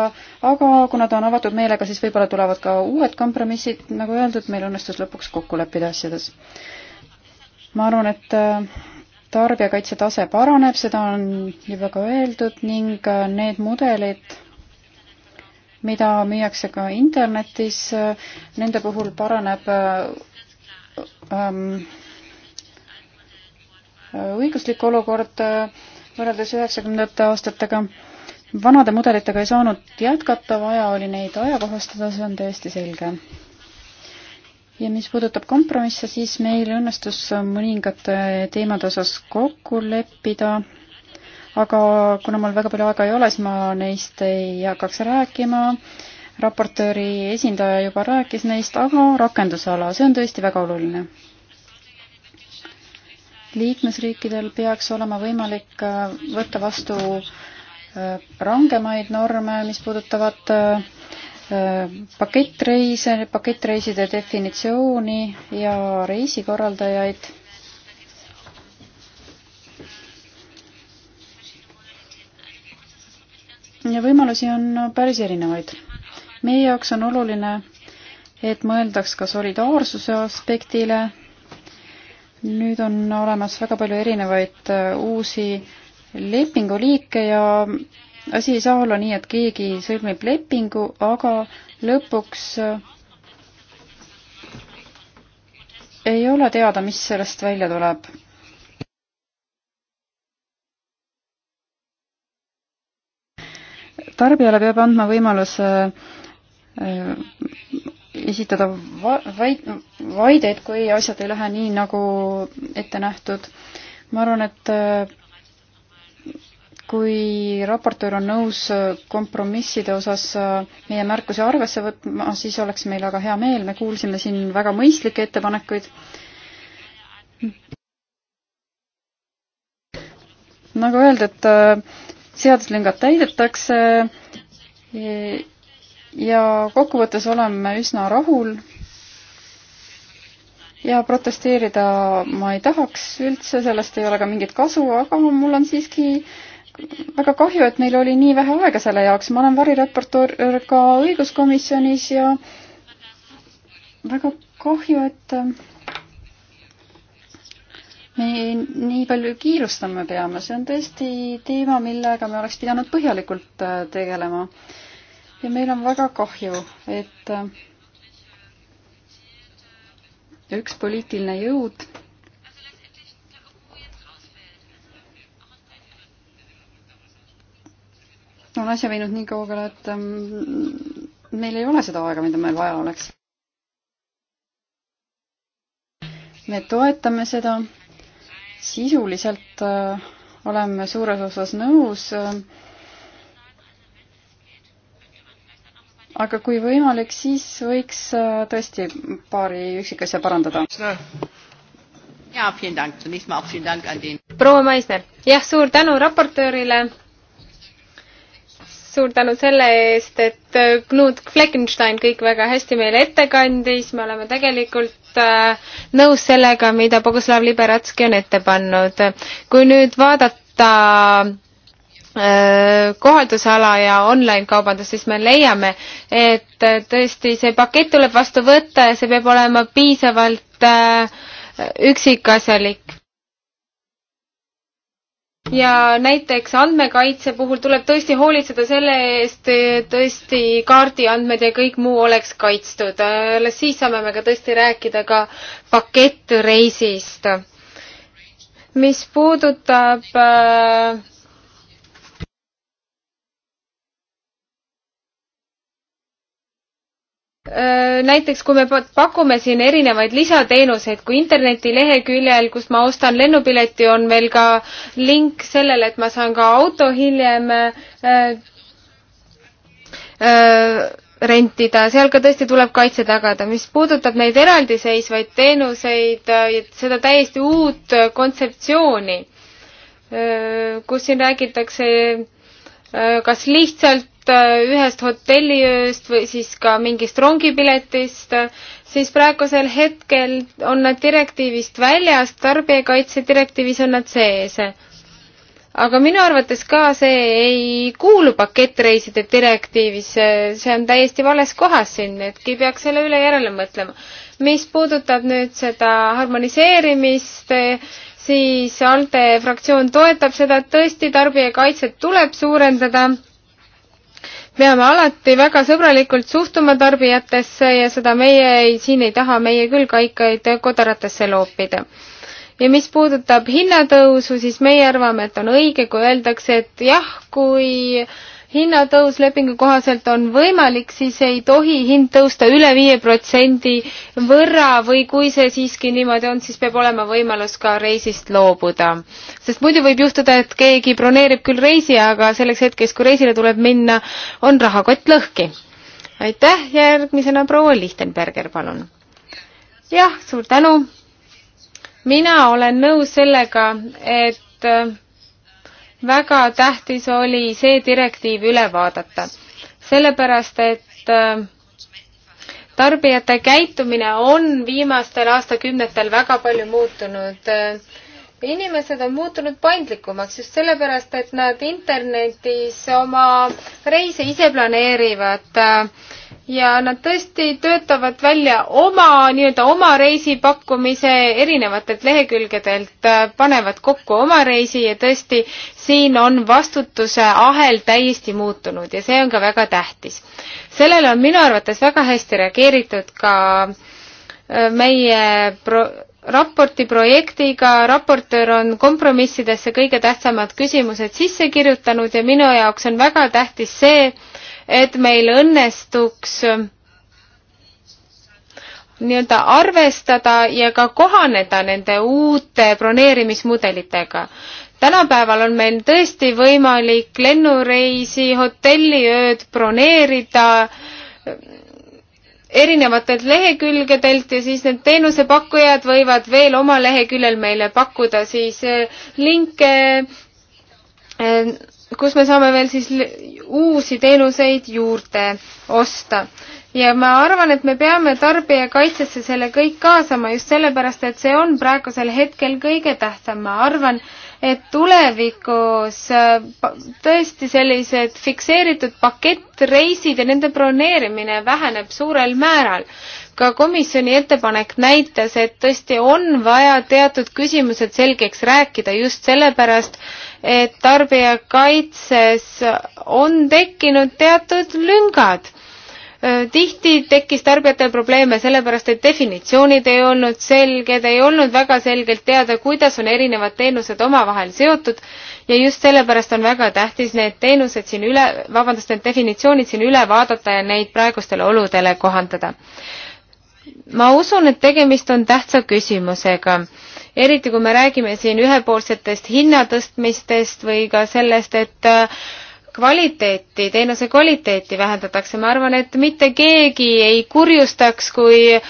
[SPEAKER 4] aga kuna ta on avatud meelega, siis võib-olla tulevad ka uued kompromissid, nagu öeldud, meil õnnestus lõpuks kokku leppida asjades. ma arvan, et äh, tarbijakaitse tase paraneb, seda on juba ka öeldud ning äh, need mudelid, mida müüakse ka internetis, nende puhul paraneb ähm, õiguslik olukord äh, võrreldes üheksakümnendate aastatega. vanade mudelitega ei saanud jätkata, vaja oli neid ajakohastada, see on täiesti selge. ja mis puudutab kompromisse, siis meil õnnestus mõningate teemade osas kokku leppida aga kuna mul väga palju aega ei ole, siis ma neist ei hakkaks rääkima. raportööri esindaja juba rääkis neist, aga rakendusala, see on tõesti väga oluline. liikmesriikidel peaks olema võimalik äh, võtta vastu äh, rangemaid norme, mis puudutavad äh, pakettreise, pakettreiside definitsiooni ja reisikorraldajaid ja võimalusi on päris erinevaid. meie jaoks on oluline, et mõeldaks ka solidaarsuse aspektile. nüüd on olemas väga palju erinevaid äh, uusi lepinguliike ja asi ei saa olla nii, et keegi sõlmib lepingu, aga lõpuks äh, ei ole teada, mis sellest välja tuleb tarbijale peab andma võimaluse äh, esitada va-, vaid-, vaideid, kui asjad ei lähe nii, nagu ette nähtud. ma arvan, et äh, kui raportöör on nõus äh, kompromisside osas meie märkusi arvesse võtma, siis oleks meil väga hea meel, me kuulsime siin väga mõistlikke ettepanekuid. nagu öeldud, et seaduslüngad täidetakse ja kokkuvõttes oleme üsna rahul. ja protesteerida ma ei tahaks üldse, sellest ei ole ka mingit kasu, aga mul on siiski väga kahju, et meil oli nii vähe aega selle jaoks, ma olen variraportöör ka õiguskomisjonis ja väga kahju, et me nii palju kiirustama peame, see on tõesti teema, millega me oleks pidanud põhjalikult äh, tegelema. ja meil on väga kahju, et äh, üks poliitiline jõud on asja viinud nii kaugele, et ähm, meil ei ole seda aega, mida meil vaja oleks. me toetame seda sisuliselt äh, oleme suures osas nõus. Äh, aga kui võimalik, siis võiks äh, tõesti paari üksikasja parandada. proua Maisner, jah, suur tänu
[SPEAKER 2] raportöörile suur tänu selle eest, et äh, Knut Fleckenstein kõik väga hästi meile ette kandis, me oleme tegelikult äh, nõus sellega, mida Boguslav Liberatski on ette pannud. kui nüüd vaadata äh, kohaldusala ja online-kaubandus, siis me leiame, et tõesti see pakett tuleb vastu võtta ja see peab olema piisavalt üksikasjalik ja näiteks andmekaitse puhul tuleb tõesti hoolitseda selle eest, tõesti kaardiandmed ja kõik muu oleks kaitstud. alles siis saame me ka tõesti rääkida ka pakettreisist. mis puudutab äh, Äh, näiteks kui me pakume siin erinevaid lisateenuseid, kui internetileheküljel, kust ma ostan lennupileti, on veel ka link sellele, et ma saan ka auto hiljem äh, äh, rentida, seal ka tõesti tuleb kaitse tagada. mis puudutab neid eraldiseisvaid teenuseid äh,, seda täiesti uut kontseptsiooni, äh, kus siin räägitakse Äh, kas lihtsalt äh, ühest hotelliööst või siis ka mingist rongipiletist, äh, siis praegusel hetkel on nad direktiivist väljas, tarbijakaitse direktiivis on nad sees. aga minu arvates ka see ei kuulu pakettreiside direktiivis, see on täiesti vales kohas siin, etki peaks selle üle järele mõtlema. mis puudutab nüüd seda harmoniseerimist, siis ALDE fraktsioon toetab seda, et tõesti tarbijakaitset tuleb suurendada. peame alati väga sõbralikult suhtuma tarbijatesse ja seda meie ei, siin ei taha meie küll kaikaid kodaratesse loopida. ja mis puudutab hinnatõusu, siis meie arvame, et on õige, kui öeldakse, et jah, kui äh, hinnatõus lepingu kohaselt on võimalik, siis ei tohi hind tõusta üle viie protsendi võrra või kui see siiski niimoodi on, siis peab olema võimalus ka reisist loobuda. sest muidu võib juhtuda, et keegi broneerib küll reisi, aga selleks hetkeks, kui reisile tuleb minna, on rahakott lõhki. aitäh, järgmisena proua Lichtenberger, palun. jah, suur tänu. mina olen nõus sellega, et väga tähtis oli see direktiiv üle vaadata, sellepärast et äh, tarbijate käitumine on viimastel aastakümnetel väga palju muutunud äh, inimesed on muutunud paindlikumaks just sellepärast, et nad internetis oma reise ise planeerivad äh, ja nad tõesti töötavad välja oma nii-öelda oma reisipakkumise erinevatelt lehekülgedelt, äh, panevad kokku oma reisi ja tõesti siin on vastutuse ahel täiesti muutunud ja see on ka väga tähtis. sellele on minu arvates väga hästi reageeritud ka äh, meie pro-, raporti projektiga, raportöör on kompromissidesse kõige tähtsamad küsimused sisse kirjutanud ja minu jaoks on väga tähtis see, et meil õnnestuks nii-öelda arvestada ja ka kohaneda nende uute broneerimismudelitega. tänapäeval on meil tõesti võimalik lennureisi, hotelliööd broneerida erinevatelt lehekülgedelt ja siis need teenusepakkujad võivad veel oma leheküljel meile pakkuda siis äh, linke, äh, kus me saame veel siis uusi teenuseid juurde osta ja ma arvan, et me peame tarbijakaitsesse selle kõik kaasama just sellepärast, et see on praegusel hetkel kõige tähtsam, ma arvan, et tulevikus äh, tõesti sellised fikseeritud pakettreisid ja nende broneerimine väheneb suurel määral. ka komisjoni ettepanek näitas, et tõesti on vaja teatud küsimused selgeks rääkida just sellepärast, et tarbijakaitses on tekkinud teatud lüngad Äh, tihti tekkis tarbijatel probleeme sellepärast, et definitsioonid ei olnud selged, ei olnud väga selgelt teada, kuidas on erinevad teenused omavahel seotud ja just sellepärast on väga tähtis need teenused siin üle, vabandust, need definitsioonid siin üle vaadata ja neid praegustele oludele kohandada. ma usun, et tegemist on tähtsa küsimusega eriti kui me räägime siin ühepoolsetest hinnatõstmistest või ka sellest, et äh, kvaliteeti, teenuse kvaliteeti vähendatakse, ma arvan, et mitte keegi ei kurjustaks, kui äh,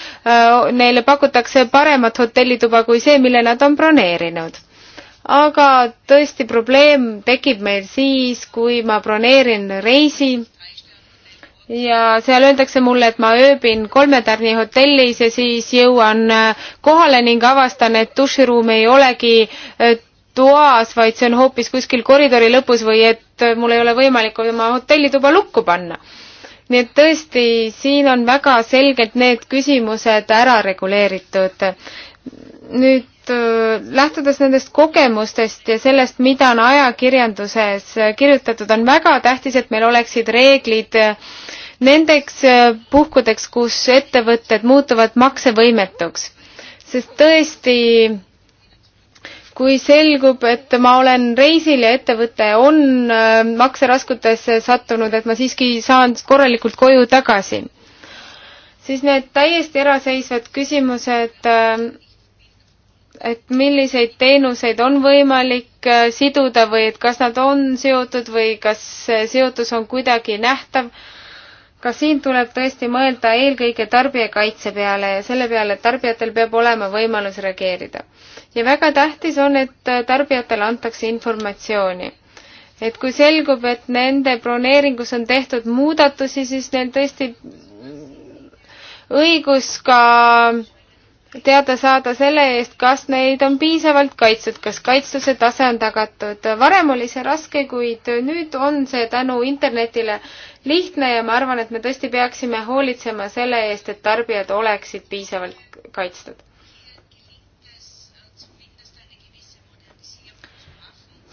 [SPEAKER 2] neile pakutakse paremat hotellituba kui see, mille nad on broneerinud. aga tõesti, probleem tekib meil siis, kui ma broneerin reisi ja seal öeldakse mulle, et ma ööbin kolme tärni hotellis ja siis jõuan äh, kohale ning avastan, et duširuumi ei olegi, äh, toas, vaid see on hoopis kuskil koridori lõpus või et mul ei ole võimalik oma hotellituba lukku panna. nii et tõesti, siin on väga selgelt need küsimused ära reguleeritud. nüüd äh, lähtudes nendest kogemustest ja sellest, mida on ajakirjanduses kirjutatud, on väga tähtis, et meil oleksid reeglid äh, nendeks äh, puhkudeks, kus ettevõtted muutuvad maksevõimetuks. sest tõesti, kui selgub, et ma olen reisil ja ettevõte on äh, makseraskutesse sattunud, et ma siiski saan korralikult koju tagasi. siis need täiesti eraseisvad küsimused, äh, et milliseid teenuseid on võimalik äh, siduda või et kas nad on seotud või kas seotus on kuidagi nähtav ka siin tuleb tõesti mõelda eelkõige tarbijakaitse peale ja selle peale, et tarbijatel peab olema võimalus reageerida ja väga tähtis on, et äh, tarbijatele antakse informatsiooni. et kui selgub, et nende broneeringus on tehtud muudatusi, siis neil tõesti õigus ka teada saada selle eest, kas neid on piisavalt kaitstud, kas kaitstuse tase on tagatud. varem oli see raske, kuid nüüd on see tänu internetile lihtne ja ma arvan, et me tõesti peaksime hoolitsema selle eest, et tarbijad oleksid piisavalt kaitstud.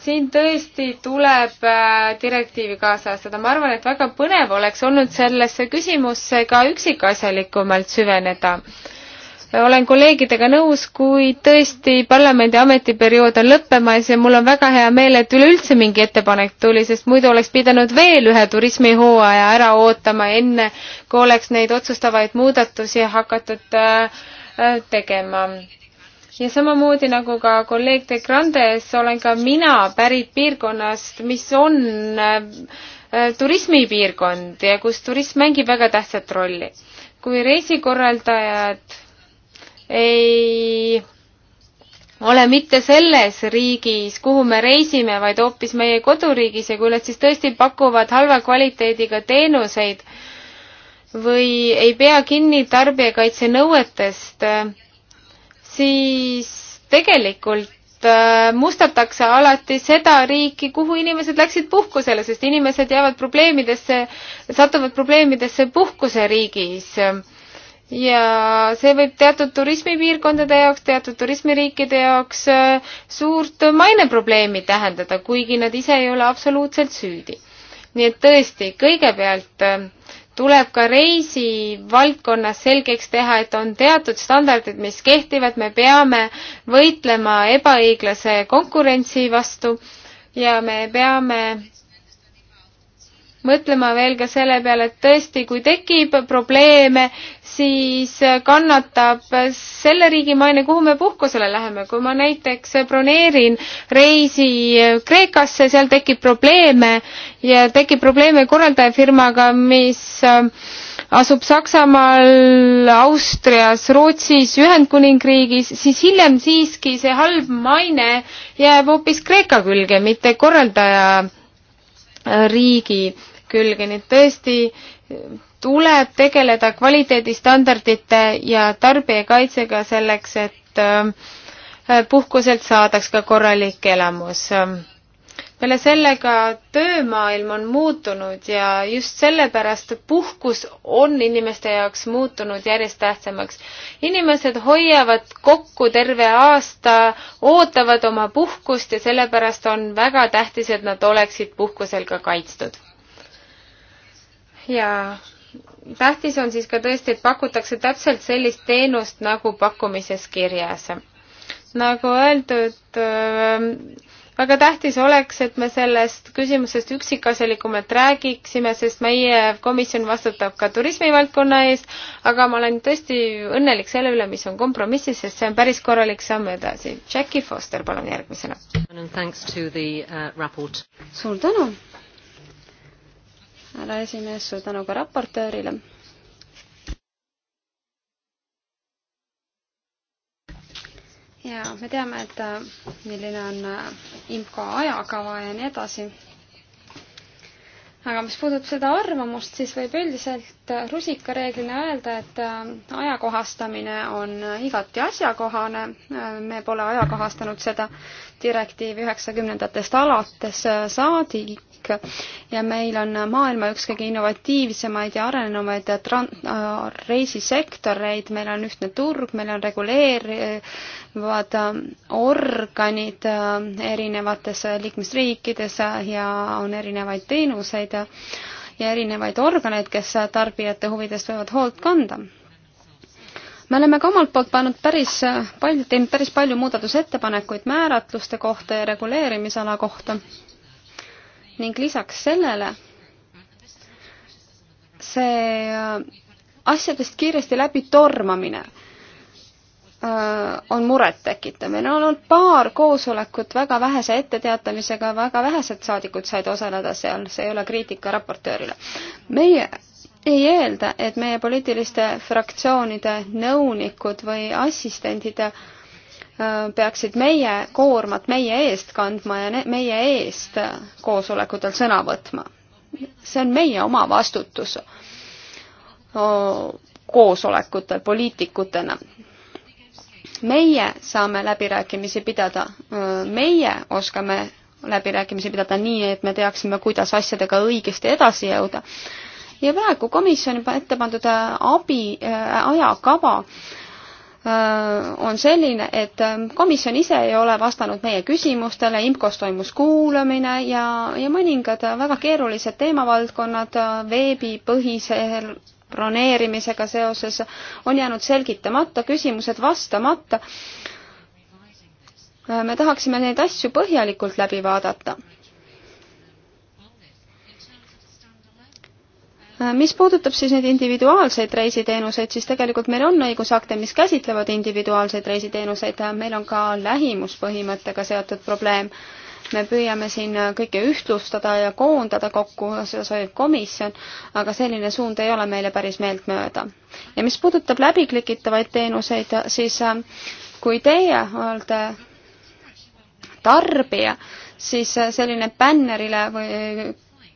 [SPEAKER 2] siin tõesti tuleb äh, direktiivi kaasajastada. ma arvan, et väga põnev oleks olnud sellesse küsimusse ka üksikasjalikumalt süveneda. olen kolleegidega nõus, kui tõesti parlamendi ametiperiood on lõppemas ja mul on väga hea meel, et üleüldse mingi ettepanek tuli, sest muidu oleks pidanud veel ühe turismihooaja ära ootama, enne kui oleks neid otsustavaid muudatusi hakatud äh, äh, tegema ja samamoodi nagu ka kolleeg De Grandes olen ka mina pärit piirkonnast, mis on äh, äh, turismipiirkond ja kus turism mängib väga tähtsat rolli. kui reisikorraldajad ei ole mitte selles riigis, kuhu me reisime, vaid hoopis meie koduriigis ja kui nad siis tõesti pakuvad halva kvaliteediga teenuseid või ei pea kinni tarbijakaitse nõuetest, siis tegelikult äh, mustatakse alati seda riiki, kuhu inimesed läksid puhkusele, sest inimesed jäävad probleemidesse, satuvad probleemidesse puhkuseriigis. ja see võib teatud turismipiirkondade jaoks, teatud turismiriikide jaoks äh, suurt maineprobleemi tähendada, kuigi nad ise ei ole absoluutselt süüdi. nii et tõesti, kõigepealt äh, tuleb ka reisivaldkonnas selgeks teha, et on teatud standardid, mis kehtivad, me peame võitlema ebaõiglase konkurentsi vastu ja me peame mõtlema veel ka selle peale, et tõesti, kui tekib probleeme, siis kannatab selle riigi maine, kuhu me puhkusele läheme. kui ma näiteks broneerin reisi Kreekasse, seal tekib probleeme ja tekib probleeme korraldajafirmaga, mis äh, asub Saksamaal, Austrias, Rootsis, Ühendkuningriigis, siis hiljem siiski see halb maine jääb hoopis Kreeka külge, mitte korraldaja äh, riigi külge, nii et tõesti tuleb tegeleda kvaliteedistandardite ja tarbijakaitsega selleks, et äh, puhkuselt saadaks ka korralik elamus. peale sellega töömaailm on muutunud ja just sellepärast puhkus on inimeste jaoks muutunud järjest tähtsamaks. inimesed hoiavad kokku terve aasta, ootavad oma puhkust ja sellepärast on väga tähtis, et nad oleksid puhkusel ka kaitstud ja tähtis on siis ka tõesti, et pakutakse täpselt sellist teenust nagu pakkumises kirjas. nagu öeldud, ähm, väga tähtis oleks, et me sellest küsimusest üksikasjalikumalt räägiksime, sest meie komisjon vastutab ka turismivaldkonna eest, aga ma olen tõesti õnnelik selle üle, mis on kompromissis, sest see on päris korralik samm
[SPEAKER 3] edasi. Jackie Foster, palun järgmisena.
[SPEAKER 1] Uh, suur
[SPEAKER 3] tänu härra esimees, suur tänu ka raportöörile. ja me teame, et äh, milline on äh, IMCO ajakava ja nii edasi. aga mis puudutab seda arvamust, siis võib üldiselt äh, rusikareeglina öelda, et ajakohastamine on igati asjakohane. me pole ajakohastanud seda direktiivi üheksakümnendatest alates saadik kõik ja meil on maailma üks kõige innovatiivsemaid ja arenenumaid äh, reisisektoreid, meil on ühtne turg, meil on reguleerivad äh, organid äh, erinevates liikmesriikides ja on erinevaid teenuseid ja ja erinevaid organeid, kes tarbijate huvidest võivad hoolt kanda me oleme ka omalt poolt pannud päris palju, teinud päris palju muudatusettepanekuid määratluste kohta ja reguleerimisala kohta ning lisaks sellele see äh, asjadest kiiresti läbi tormamine äh, on murettekitav. meil on olnud paar koosolekut väga vähese etteteatamisega, väga vähesed saadikud said osaleda seal, see ei ole kriitika raportöörile. meie ei eelda, et meie poliitiliste fraktsioonide nõunikud või assistendid Äh, peaksid meie koormat meie eest kandma ja meie eest koosolekutel sõna võtma. see on meie oma vastutus äh, koosolekutel poliitikutena. meie saame läbirääkimisi pidada, äh, meie oskame läbirääkimisi pidada nii, et me teaksime, kuidas asjadega õigesti edasi jõuda. ja praegu komisjoni ette pandud abi, ajakava äh, Äh, on selline, et ähm, komisjon ise ei ole vastanud meie küsimustele, IMCO-s toimus kuulamine ja, ja mõningad väga keerulised teemavaldkonnad äh, veebipõhisel broneerimisega seoses on jäänud selgitamata, küsimused vastamata. Äh, me tahaksime neid asju põhjalikult läbi vaadata Äh, mis puudutab siis neid individuaalseid reisiteenuseid, siis tegelikult meil on õigusakte, mis käsitlevad individuaalseid reisiteenuseid, äh, meil on ka lähimuspõhimõttega seotud probleem. me püüame siin äh, kõike ühtlustada ja koondada kokku, seda soovib komisjon, aga selline suund ei ole meile päris meeltmööda. ja mis puudutab läbiklikitavaid teenuseid, siis kui teie olete tarbija, siis selline bännerile või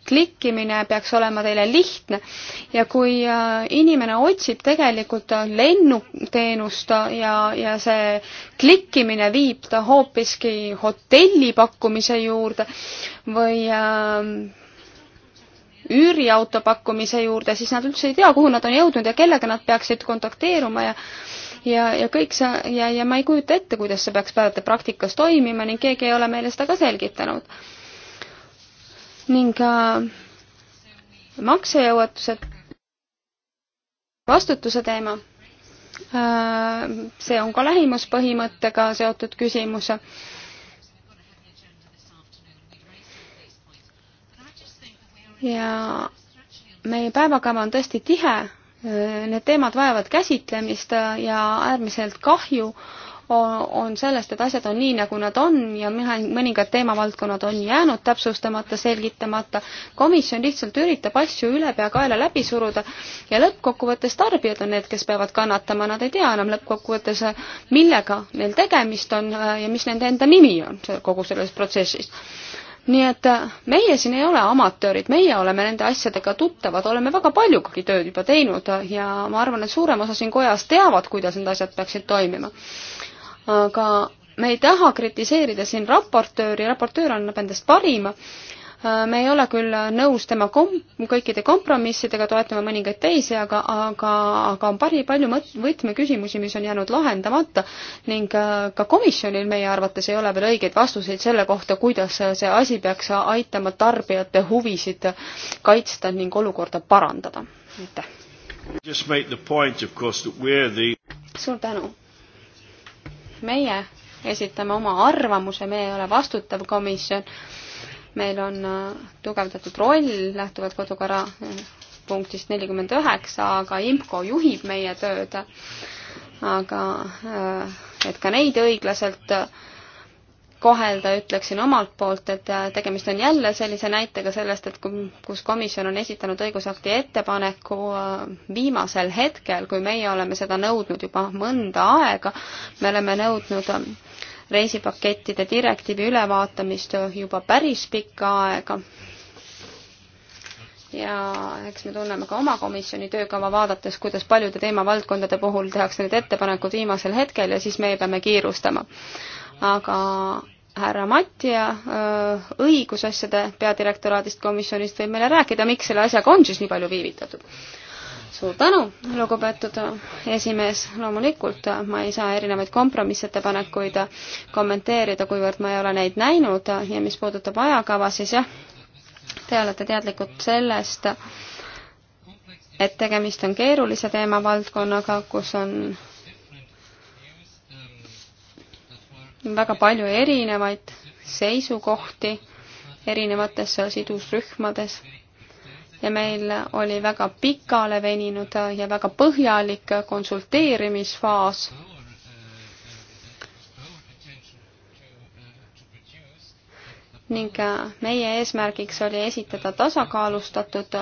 [SPEAKER 3] klikkimine peaks olema teile lihtne ja kui äh, inimene otsib tegelikult lennuteenust ja, ja see klikkimine viib ta hoopiski hotelli pakkumise juurde või äh, üüriauto pakkumise juurde, siis nad üldse ei tea, kuhu nad on jõudnud ja kellega nad peaksid kontakteeruma ja ja, ja kõik see ja, ja ma ei kujuta ette, kuidas see peaks päevade praktikas toimima ning keegi ei ole meile seda ka selgitanud ning äh, maksejõuetused, vastutuse teema, äh, see on ka lähimuspõhimõttega seotud küsimus ja meie päevakava on tõesti tihe, äh, need teemad vajavad käsitlemist ja äärmiselt kahju, on sellest, et asjad on nii, nagu nad on ja mõningad teemavaldkonnad on jäänud täpsustamata, selgitamata. komisjon lihtsalt üritab asju ülepeakaela läbi suruda ja lõppkokkuvõttes tarbijad on need, kes peavad kannatama, nad ei tea enam lõppkokkuvõttes, millega neil tegemist on äh, ja mis nende enda nimi on kogu selles protsessis nii et äh, meie siin ei ole amatöörid, meie oleme nende asjadega tuttavad, oleme väga paljugagi tööd juba teinud ja ma arvan, et suurem osa siin kojas teavad, kuidas need asjad peaksid toimima aga me ei taha kritiseerida siin raportööri, raportöör annab endast parima, me ei ole küll nõus tema kom-, kõikide kompromissidega, toetame mõningaid teisi, aga, aga, aga on pari, palju mõt-, võtmeküsimusi, mis on jäänud lahendamata ning äh, ka komisjonil meie arvates ei ole veel õigeid vastuseid selle kohta, kuidas see asi peaks aitama tarbijate huvisid kaitsta ning olukorda parandada. aitäh! suur tänu! meie esitame oma arvamuse, me ei ole vastutav komisjon, meil on äh, tugevdatud roll lähtuvalt kodukorra äh, punktist nelikümmend üheksa, aga IMCO juhib meie tööd. aga äh, et ka neid õiglaselt äh, kohelda, ütleksin omalt poolt, et äh, tegemist on jälle sellise näitega sellest, et kus komisjon on esitanud õigusakti ettepaneku äh, viimasel hetkel, kui meie oleme seda nõudnud juba mõnda aega, me oleme nõudnud äh, reisipakettide direktiivi ülevaatamist juba päris pikka aega. ja eks me tunneme ka oma komisjoni töökava vaadates, kuidas paljude teemavaldkondade puhul tehakse need ettepanekud viimasel hetkel ja siis meie peame kiirustama aga härra Mattia äh, õigusasjade peadirektoraadist komisjonist võib meile rääkida, miks selle asjaga on siis nii palju viivitatud. suur tänu, lugupeetud äh, esimees, loomulikult äh, ma ei saa erinevaid kompromissettepanekuid kommenteerida, kuivõrd ma ei ole neid näinud ja mis puudutab ajakava, siis jah, te olete teadlikud sellest, et tegemist on keerulise teemavaldkonnaga, kus on väga palju erinevaid seisukohti erinevates sidusrühmades ja meil oli väga pikale veninud ja väga põhjalik konsulteerimisfaas. ning meie eesmärgiks oli esitada tasakaalustatud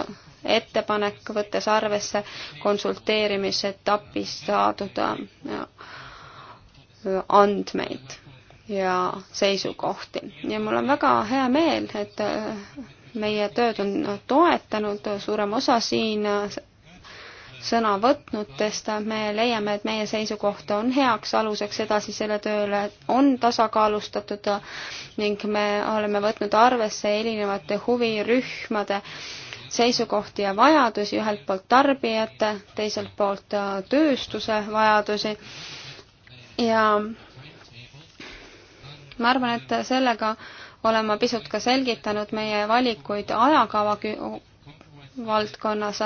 [SPEAKER 3] ettepanek, võttes arvesse konsulteerimisetapis saadud andmeid ja seisukohti ja mul on väga hea meel, et äh, meie tööd on toetanud suurem osa siin äh, sõna võtnutest, me leiame, et meie seisukoht on heaks aluseks edasisele tööle, on tasakaalustatud äh, ning me oleme võtnud arvesse erinevate huvirühmade seisukohti ja vajadusi, ühelt poolt tarbijate, teiselt poolt tööstuse vajadusi ja ma arvan, et sellega olen ma pisut ka selgitanud meie valikuid ajakava valdkonnas.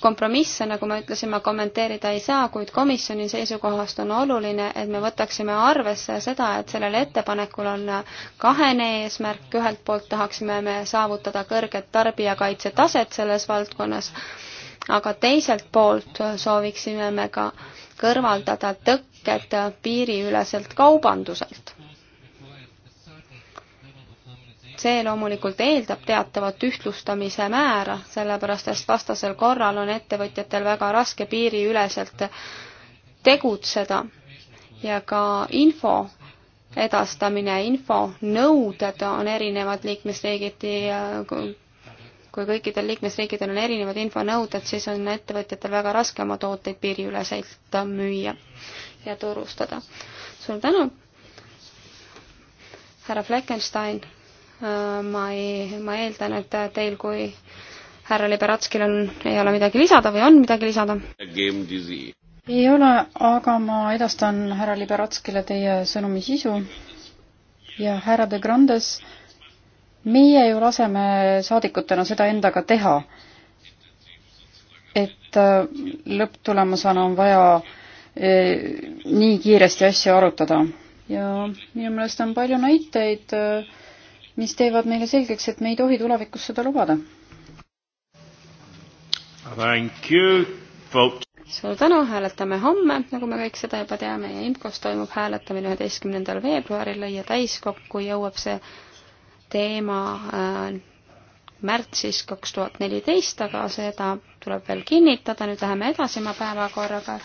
[SPEAKER 3] kompromisse, nagu ma ütlesin, ma kommenteerida ei saa, kuid komisjoni seisukohast on oluline, et me võtaksime arvesse seda, et sellel ettepanekul on kahene eesmärk, ühelt poolt tahaksime me saavutada kõrget tarbijakaitsetaset selles valdkonnas, aga teiselt poolt sooviksime me ka kõrvaldada tõkked piiriüleselt kaubanduselt see loomulikult eeldab teatavat ühtlustamise määra, sellepärast et vastasel korral on ettevõtjatel väga raske piiriüleselt tegutseda ja ka info edastamine, infonõuded on erinevad liikmesriigiti ja kui kõikidel liikmesriikidel on erinevad infonõuded, siis on ettevõtjatel väga raske oma tooteid piiriüleselt müüa ja turustada. suur tänu, härra Fleckenstein Äh, ma ei, ma eeldan, et teil kui härra Liberatskil on, ei ole midagi lisada või on midagi lisada?
[SPEAKER 4] ei ole, aga ma edastan härra Liberatskile teie sõnumi sisu ja härra De Grandes, meie ju laseme saadikutena seda endaga teha. et äh, lõpptulemusena on vaja äh, nii kiiresti asju arutada ja minu meelest on palju näiteid äh, mis teevad meile selgeks, et me ei tohi tulevikus seda lubada.
[SPEAKER 3] suur tänu, hääletame homme, nagu me kõik seda juba teame ja IMCO-s toimub hääletamine üheteistkümnendal veebruaril ja täiskokku jõuab see teema äh, märtsis kaks tuhat neliteist, aga seda tuleb veel kinnitada, nüüd läheme edasi oma päevakorraga.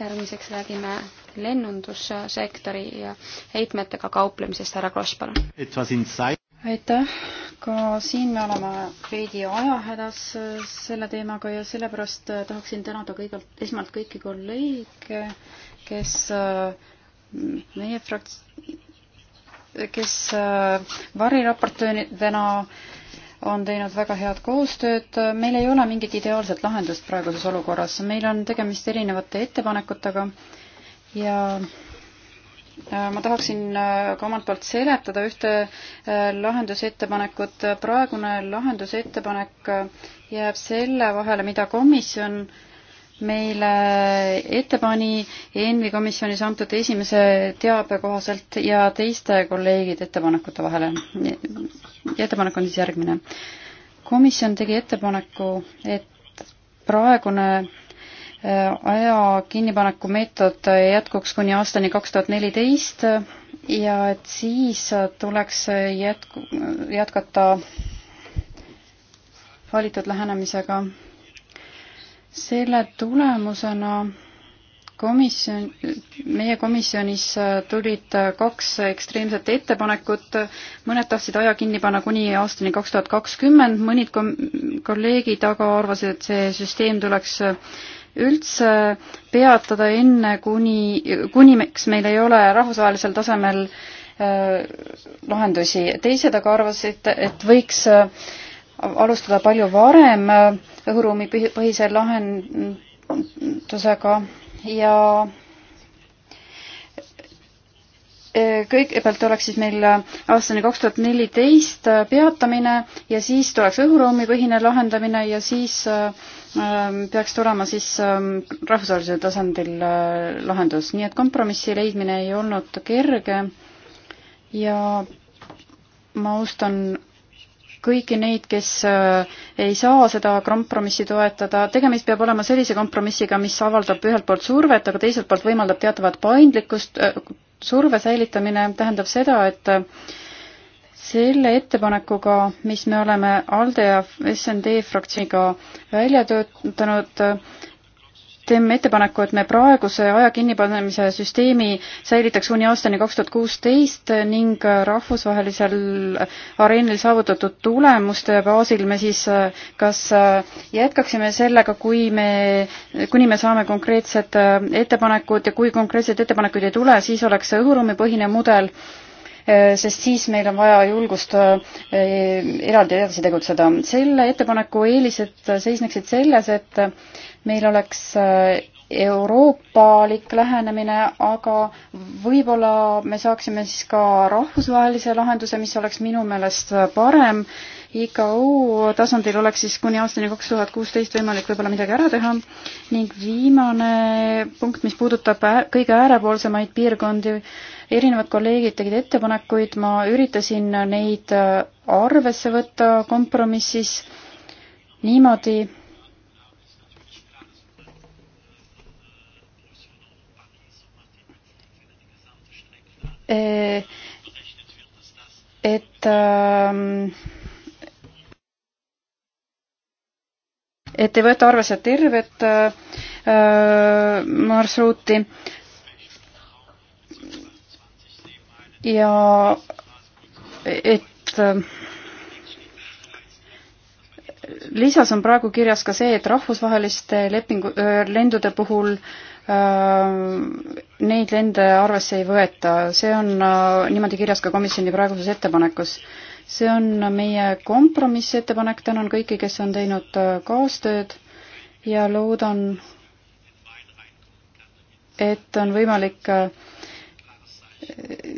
[SPEAKER 3] järgmiseks räägime lennundussektori ja heitmetega kauplemisest, härra Kross, palun
[SPEAKER 4] aitäh, ka siin me oleme veidi ajahädas selle teemaga ja sellepärast tahaksin tänada kõigepealt, esmalt kõiki kolleege, kes mm, meie frakts-, kes mm, variraportööridena on teinud väga head koostööd, meil ei ole mingit ideaalset lahendust praeguses olukorras, meil on tegemist erinevate ettepanekutega ja Äh, ma tahaksin äh, ka omalt poolt seletada ühte äh, lahendusettepanekut. praegune lahendusettepanek jääb selle vahele, mida komisjon meile ette pani ENVI komisjonis antud esimese teabe kohaselt ja teiste kolleegide ettepanekute vahele. ettepanek on siis järgmine. komisjon tegi ettepaneku, et praegune Äh, aja kinnipaneku meetod jätkuks kuni aastani kaks tuhat neliteist ja et siis tuleks jätku, jätkata valitud lähenemisega. selle tulemusena komisjon, meie komisjonis tulid kaks ekstreemset ettepanekut, mõned tahtsid aja kinni panna kuni aastani kaks tuhat kakskümmend, mõnid kolleegid aga arvasid, et see süsteem tuleks üldse peatada enne, kuni, kuniks meil ei ole rahvusvahelisel tasemel äh, lahendusi. teised aga arvasid, et võiks äh, alustada palju varem äh, õhuruumi äh, põhise lahendusega ja äh, kõigepealt oleks siis meil aastani kaks tuhat neliteist äh, peatamine ja siis tuleks õhuruumi põhine lahendamine ja siis äh, Ähm, peaks tulema siis ähm, rahvusvahelisel tasandil äh, lahendus, nii et kompromissi leidmine ei olnud kerge ja ma austan kõiki neid, kes äh, ei saa seda kompromissi toetada, tegemist peab olema sellise kompromissiga, mis avaldab ühelt poolt survet, aga teiselt poolt võimaldab teatavat paindlikkust, äh, surve säilitamine tähendab seda, et selle ettepanekuga, mis me oleme ALDE ja SND fraktsiooniga välja töötanud, teeme ettepaneku, et me praeguse aja kinnipanemise süsteemi säilitaks kuni aastani kaks tuhat kuusteist ning rahvusvahelisel areenil saavutatud tulemuste baasil me siis kas jätkaksime sellega, kui me, kuni me saame konkreetsed ettepanekud ja kui konkreetseid ettepanekuid ei tule, siis oleks see õhuruumipõhine mudel Äh, sest siis meil on vaja julgust äh, eraldi edasi tegutseda. selle ettepaneku eelised seisneksid selles, et meil oleks äh, euroopalik lähenemine, aga võib-olla me saaksime siis ka rahvusvahelise lahenduse, mis oleks minu meelest parem. IKU tasandil oleks siis kuni aastani kaks tuhat kuusteist võimalik võib-olla midagi ära teha ning viimane punkt, mis puudutab kõige äärepoolsemaid piirkondi, erinevad kolleegid tegid ettepanekuid, ma üritasin neid arvesse võtta kompromissis niimoodi, Eh, et ähm, et ei võeta arvesse tervet äh, äh, marsruuti ja et äh, lisas on praegu kirjas ka see, et rahvusvaheliste lepingu, lendude puhul äh, Äh, neid lende arvesse ei võeta, see on äh, niimoodi kirjas ka komisjoni praeguses ettepanekus. see on meie kompromissettepanek, tänan kõiki, kes on teinud äh, kaastööd ja loodan, et on võimalik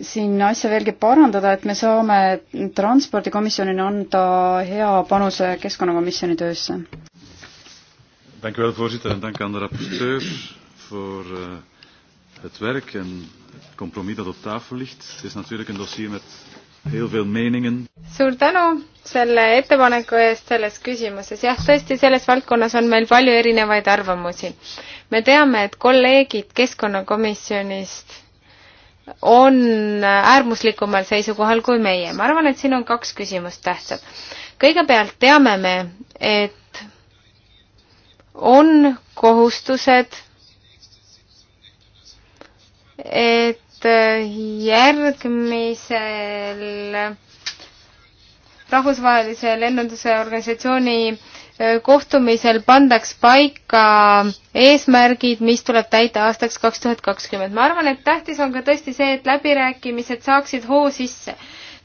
[SPEAKER 4] siin asja veelgi parandada, et me saame transpordikomisjonina anda hea panuse keskkonnakomisjoni töösse.
[SPEAKER 1] Dank u wel, voorzitter, en dank aan de rapporteur voor uh, het werk en het compromis dat op tafel ligt. Het is natuurlijk een dossier met heel veel meningen.
[SPEAKER 2] suur tänu selle ettepaneku eest selles küsimuses. jah, tõesti, selles valdkonnas on meil palju erinevaid arvamusi. me teame, et kolleegid Keskkonnakomisjonist on äärmuslikumal seisukohal kui meie. ma arvan, et siin on kaks küsimust tähtsad. kõigepealt teame me, et on kohustused et järgmisel rahvusvahelise lennunduse organisatsiooni kohtumisel pandaks paika eesmärgid, mis tuleb täita aastaks kaks tuhat kakskümmend. ma arvan, et tähtis on ka tõesti see, et läbirääkimised saaksid hoo sisse.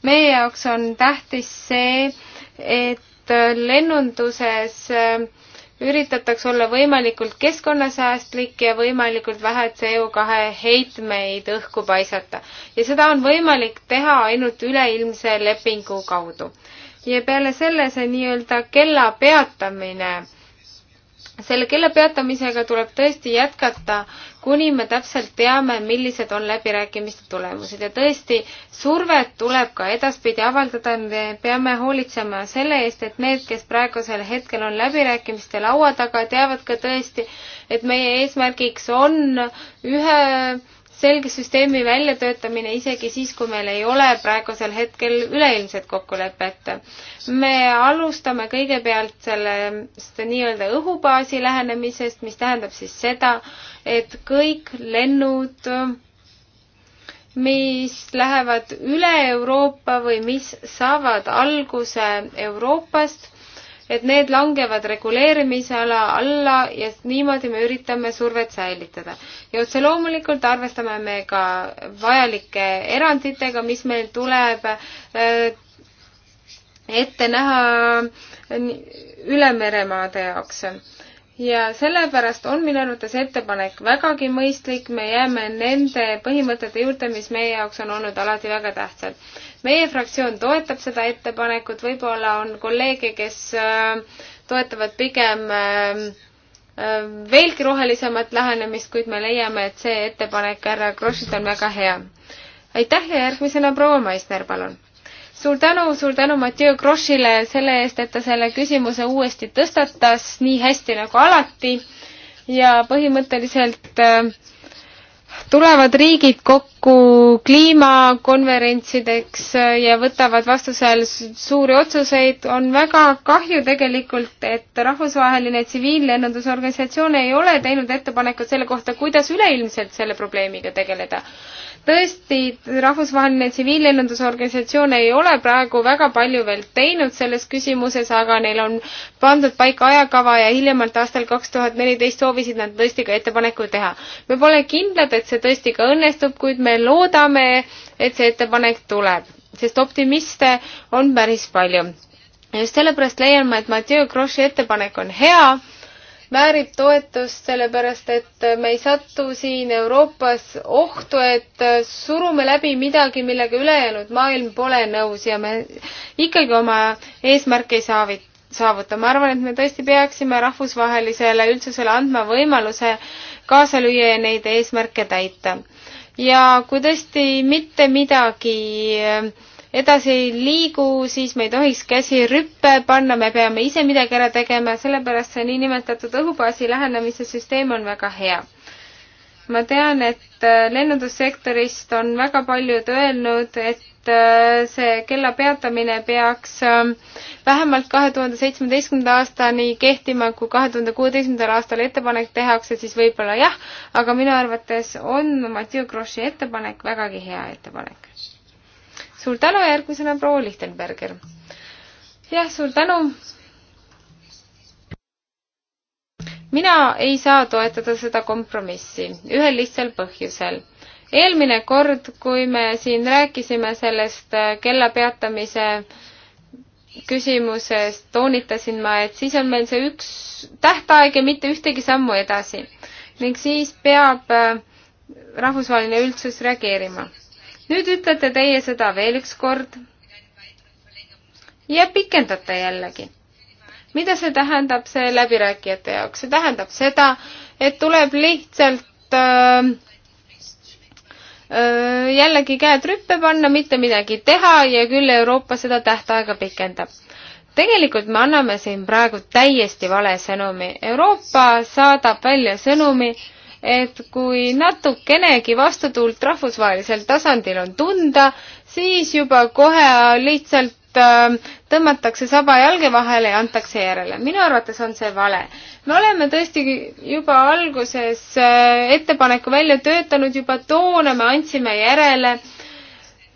[SPEAKER 2] meie jaoks on tähtis see, et lennunduses äh, üritatakse olla võimalikult keskkonnasäästlik ja võimalikult vähe CO2 heitmeid õhku paisata. ja seda on võimalik teha ainult üleilmse lepingu kaudu. ja peale selle see nii-öelda kella peatamine selle kella peatamisega tuleb tõesti jätkata, kuni me täpselt teame, millised on läbirääkimiste tulemused ja tõesti, survet tuleb ka edaspidi avaldada, me peame hoolitsema selle eest, et need, kes praegusel hetkel on läbirääkimiste laua taga, teavad ka tõesti, et meie eesmärgiks on ühe selge süsteemi väljatöötamine isegi siis, kui meil ei ole praegusel hetkel üleilmset kokkulepet. me alustame kõigepealt sellest nii-öelda õhubaasi lähenemisest, mis tähendab siis seda, et kõik lennud mis lähevad üle Euroopa või mis saavad alguse Euroopast et need langevad reguleerimisala alla ja niimoodi me üritame survet säilitada. ja otse loomulikult arvestame me ka vajalike eranditega, mis meil tuleb äh, ette näha ülemeremaade jaoks ja sellepärast on minu arvates ettepanek vägagi mõistlik, me jääme nende põhimõtete juurde, mis meie jaoks on olnud alati väga tähtsad. meie fraktsioon toetab seda ettepanekut, võib-olla on kolleege, kes äh, toetavad pigem äh, äh, veelgi rohelisemat lähenemist, kuid me leiame, et see ettepanek härra Krossilt on väga hea. aitäh ja järgmisena proua Maisner, palun suur tänu, suur tänu Mathieu Grossile selle eest, et ta selle küsimuse uuesti tõstatas nii hästi nagu alati ja põhimõtteliselt äh, tulevad riigid kokku kliimakonverentsideks äh, ja võtavad vastu seal suuri otsuseid, on väga kahju tegelikult, et rahvusvaheline tsiviillennundusorganisatsioon ei ole teinud ettepanekut selle kohta, kuidas üleilmselt selle probleemiga tegeleda tõesti, rahvusvaheline tsiviillennundusorganisatsioon ei ole praegu väga palju veel teinud selles küsimuses, aga neil on pandud paika ajakava ja hiljemalt aastal kaks tuhat neliteist soovisid nad tõesti ka ettepaneku teha. me pole kindlad, et see tõesti ka õnnestub, kuid me loodame, et see ettepanek tuleb, sest optimiste on päris palju. just sellepärast leian ma, et Mathieu Grossi ettepanek on hea väärib toetust, sellepärast et me ei satu siin Euroopas ohtu, et surume läbi midagi, millega ülejäänud maailm pole nõus ja me ikkagi oma eesmärke ei saavi-, saavuta. ma arvan, et me tõesti peaksime rahvusvahelisele üldsusele andma võimaluse kaasa lüüa ja neid eesmärke täita. ja kui tõesti mitte midagi äh, edasi ei liigu, siis me ei tohiks käsi rüppe panna, me peame ise midagi ära tegema, sellepärast see niinimetatud õhubaasi lähenemise süsteem on väga hea. ma tean, et äh, lennundussektorist on väga paljud öelnud, et äh, see kella peatamine peaks ähm, vähemalt kahe tuhande seitsmeteistkümnenda aastani kehtima, kui kahe tuhande kuueteistkümnendal aastal ettepanek tehakse, siis võib-olla jah, aga minu arvates on Mathieu Grossi ettepanek vägagi hea ettepanek suur tänu, järgmisena proua Lichtenberger. jah, suur tänu. mina ei saa toetada seda kompromissi ühel lihtsal põhjusel. eelmine kord, kui me siin rääkisime sellest äh, kella peatamise küsimuses, toonitasin ma, et siis on meil see üks tähtaeg ja mitte ühtegi sammu edasi ning siis peab äh, rahvusvaheline üldsus reageerima nüüd ütlete teie seda veel üks kord ja pikendate jällegi. mida see tähendab, see läbirääkijate jaoks, see tähendab seda, et tuleb lihtsalt äh, äh, jällegi käed rüppe panna, mitte midagi teha ja küll Euroopa seda tähtaega pikendab tegelikult me anname siin praegu täiesti vale sõnumi. Euroopa saadab välja sõnumi äh,, et kui natukenegi vastutuult rahvusvahelisel tasandil on tunda, siis juba kohe lihtsalt ähm, tõmmatakse saba jalge vahele ja antakse järele. minu arvates on see vale. me oleme tõesti juba alguses äh, ettepaneku välja töötanud, juba toona me andsime järele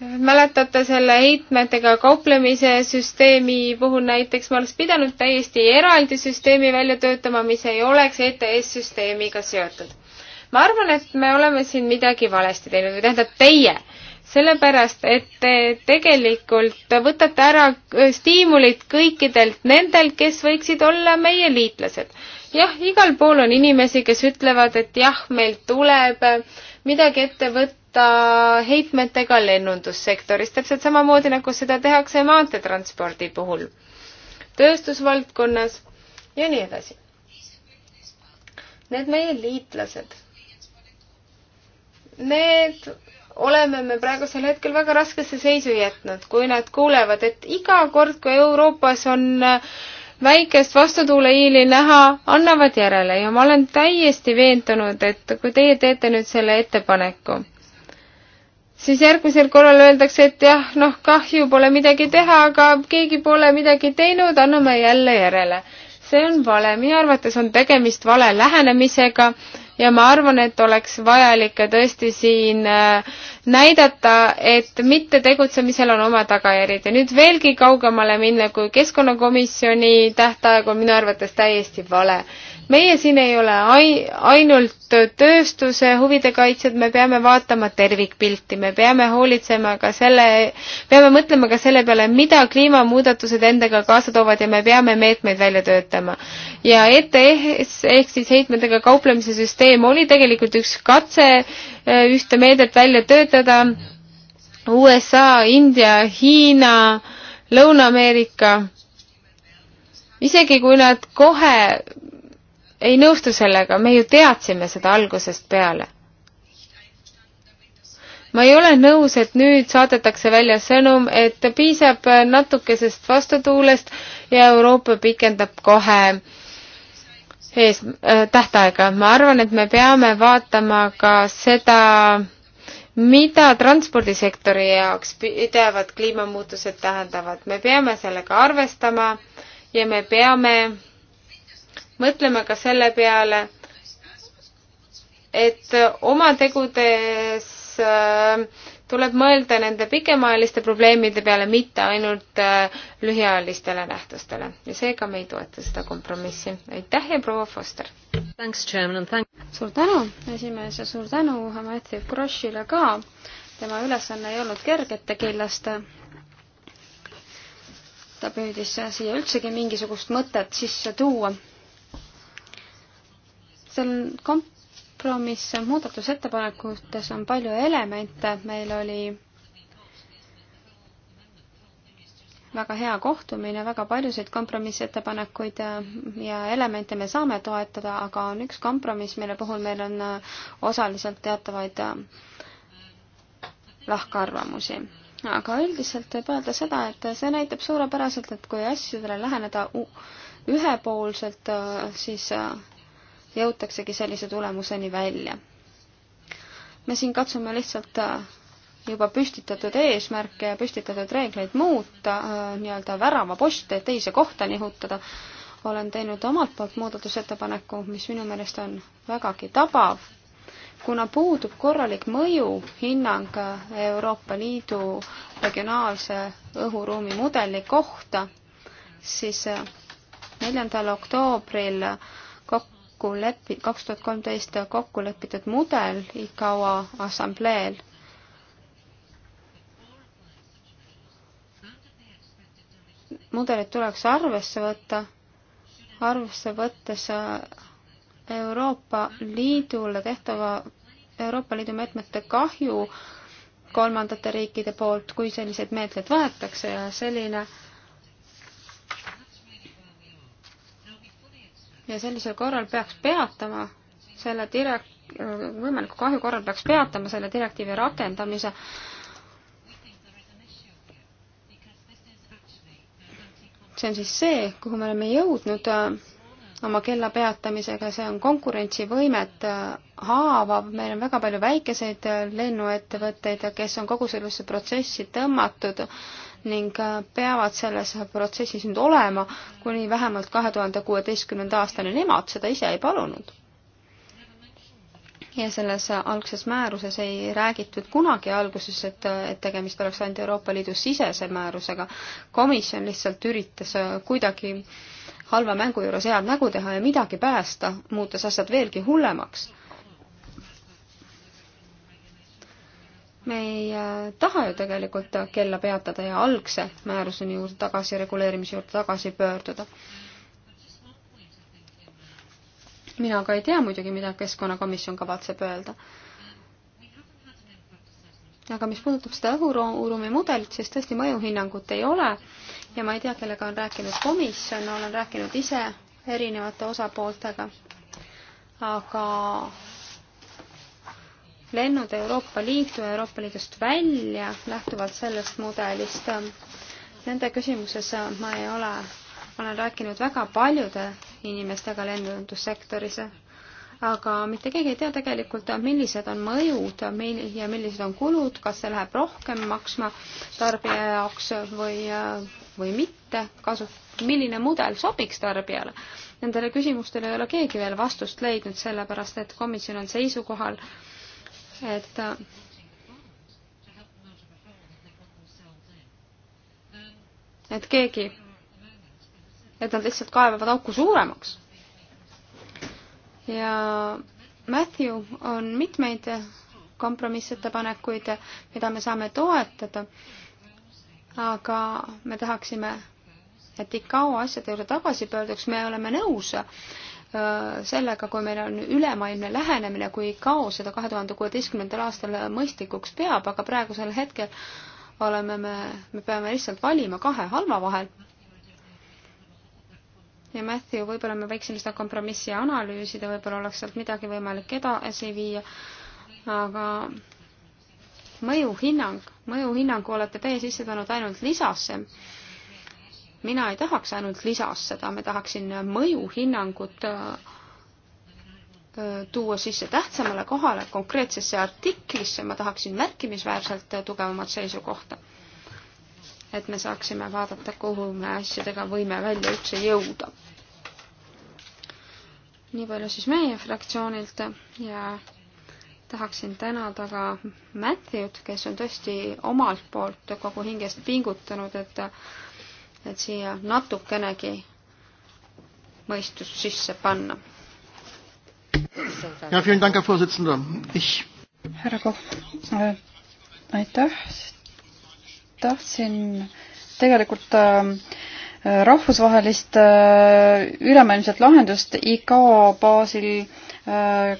[SPEAKER 2] mäletate selle heitmetega kauplemise süsteemi puhul näiteks me oleks pidanud täiesti eraldi süsteemi välja töötama, mis ei oleks ETS süsteemiga seotud ma arvan, et me oleme siin midagi valesti teinud või tähendab teie, sellepärast et te tegelikult võtate ära äh, stiimulid kõikidelt nendelt, kes võiksid olla meie liitlased. jah, igal pool on inimesi, kes ütlevad, et jah, meil tuleb äh, midagi ette võtta, võtta heitmetega lennundussektoris, täpselt samamoodi nagu seda tehakse maanteetranspordi puhul, tööstusvaldkonnas ja nii edasi. Need meie liitlased need oleme me praegusel hetkel väga raskesse seisu jätnud, kui nad kuulevad, et iga kord, kui Euroopas on äh, väikest vastutuuleiili näha, annavad järele ja ma olen täiesti veendunud, et kui teie teete nüüd selle ettepaneku, siis järgmisel korral öeldakse, et jah, noh, kahju, pole midagi teha, aga keegi pole midagi teinud, anname jälle järele. see on vale, minu arvates on tegemist vale lähenemisega ja ma arvan, et oleks vajalik ka tõesti siin äh, näidata, et mittetegutsemisel on oma tagajärjed ja nüüd veelgi kaugemale minna, kui keskkonnakomisjoni tähtaeg on minu arvates täiesti vale meie siin ei ole ai-, ainult tööstuse huvide kaitsjad, me peame vaatama tervikpilti, me peame hoolitsema ka selle, peame mõtlema ka selle peale, mida kliimamuudatused endaga kaasa toovad ja me peame meetmeid välja töötama. ja ETS ehk siis heitmetega kauplemise süsteem oli tegelikult üks katse eh, ühte meedet välja töötada USA, India, Hiina, Lõuna-Ameerika isegi kui nad kohe ei nõustu sellega, me ju teadsime seda algusest peale. ma ei ole nõus, et nüüd saadetakse välja sõnum, et piisab natukesest vastutuulest ja Euroopa pikendab kohe ees äh, tähtaega. ma arvan, et me peame vaatama ka seda, mida transpordisektori jaoks pidevad kliimamuutused tähendavad. me peame sellega arvestama ja me peame mõtlema ka selle peale, et oma tegudes äh, tuleb mõelda nende pikemaajaliste probleemide peale, mitte ainult äh, lühiajalistele nähtustele ja
[SPEAKER 3] seega me ei toeta seda kompromissi. aitäh ja proua Foster! suur tänu, esimees, ja suur tänu Matthew Grossile ka. tema ülesanne ei olnud kergete killast. ta püüdis siia üldsegi mingisugust mõtet sisse tuua seal kompromiss muudatusettepanekutes on palju elemente, meil oli väga hea kohtumine, väga paljusid kompromissettepanekuid ja elemente me saame toetada, aga on üks kompromiss, mille puhul meil on osaliselt teatavaid äh, lahkarvamusi. aga üldiselt võib öelda seda, et see näitab suurepäraselt, et kui asjadele läheneda ühepoolselt, äh, siis äh, jõutaksegi sellise tulemuseni välja. me siin katsume lihtsalt äh, juba püstitatud eesmärke ja püstitatud reegleid muuta, äh, nii-öelda väravaposte teise kohta nihutada, olen teinud omalt poolt muudatusettepaneku, mis minu meelest on vägagi tabav, kuna puudub korralik mõjuhinnang äh, Euroopa Liidu regionaalse õhuruumi mudeli kohta, siis neljandal oktoobril äh, kokku lepi-, kaks tuhat kolmteist kokku lepitud mudel ICAO assambleel mudelit tuleks arvesse võtta, arvesse võttes Euroopa Liidule tehtava, Euroopa Liidu meetmete kahju kolmandate riikide poolt, kui sellised meetmed võetakse ja selline ja sellisel korral peaks peatama selle direk-, võimaliku kahju korral peaks peatama selle direktiivi rakendamise. see on siis see, kuhu me oleme jõudnud äh, oma kella peatamisega, see on konkurentsivõimet äh, haavav, meil on väga palju väikeseid äh, lennuettevõtteid, kes on kogu sellesse protsessi tõmmatud ning äh, peavad selles protsessis nüüd olema kuni vähemalt kahe tuhande kuueteistkümnenda aastani, nemad seda ise ei palunud. ja selles äh, algses määruses ei räägitud kunagi alguses, et, äh, et tegemist oleks ainult Euroopa Liidu sisese määrusega. komisjon lihtsalt üritas kuidagi halva mängu juures head nägu teha ja midagi päästa, muutes asjad veelgi hullemaks me ei äh, taha ju tegelikult kella peatada ja algse määruseni juurde tagasi, reguleerimise juurde tagasi pöörduda. mina ka ei tea muidugi, mida Keskkonnakomisjon kavatseb öelda. aga mis puudutab seda õhuruumi mudelit, siis tõesti mõjuhinnangut ei ole ja ma ei tea, kellega on rääkinud komisjon, olen rääkinud ise erinevate osapooltega, aga lennud Euroopa Liitu ja Euroopa Liidust välja lähtuvalt sellest mudelist. Nende küsimuses ma ei ole, ma olen rääkinud väga paljude inimestega lennundussektoris, aga mitte keegi ei tea tegelikult, millised on mõjud ja millised on kulud, kas see läheb rohkem maksma tarbija jaoks või, või mitte, kasu, milline mudel sobiks tarbijale. Nendele küsimustele ei ole keegi veel vastust leidnud, sellepärast et komisjon on seisukohal, et et keegi, et nad lihtsalt kaevavad auku suuremaks. ja Matthew on mitmeid kompromissettepanekuid, mida me saame toetada, aga me tahaksime, et ICAO asjade juurde tagasi pöörduks, me oleme nõus Äh, sellega, kui meil on ülemaailmne lähenemine, kui ICAO seda kahe tuhande kuueteistkümnendal aastal mõistlikuks peab, aga praegusel hetkel oleme me, me peame lihtsalt valima kahe halva vahel. ja Matthew, võib-olla me võiksime seda kompromissi analüüsida, võib-olla oleks sealt midagi võimalik edasi viia, aga mõjuhinnang, mõjuhinnangu olete teie sisse toonud ainult lisasse mina ei tahaks ainult lisas seda, me tahaksin mõjuhinnangut äh, tuua sisse tähtsamale kohale, konkreetsesse artiklisse, ma tahaksin märkimisväärselt tugevamat seisukohta. et me saaksime vaadata, kuhu me asjadega võime välja üldse jõuda. nii palju siis meie fraktsioonilt ja tahaksin tänada ka Matthewt, kes on tõesti omalt poolt kogu hingest pingutanud, et et siia natukenegi mõistust sisse panna.
[SPEAKER 4] härra Kohv, äh, aitäh. tahtsin tegelikult äh, rahvusvahelist äh, ülemaailmset lahendust ICAO baasil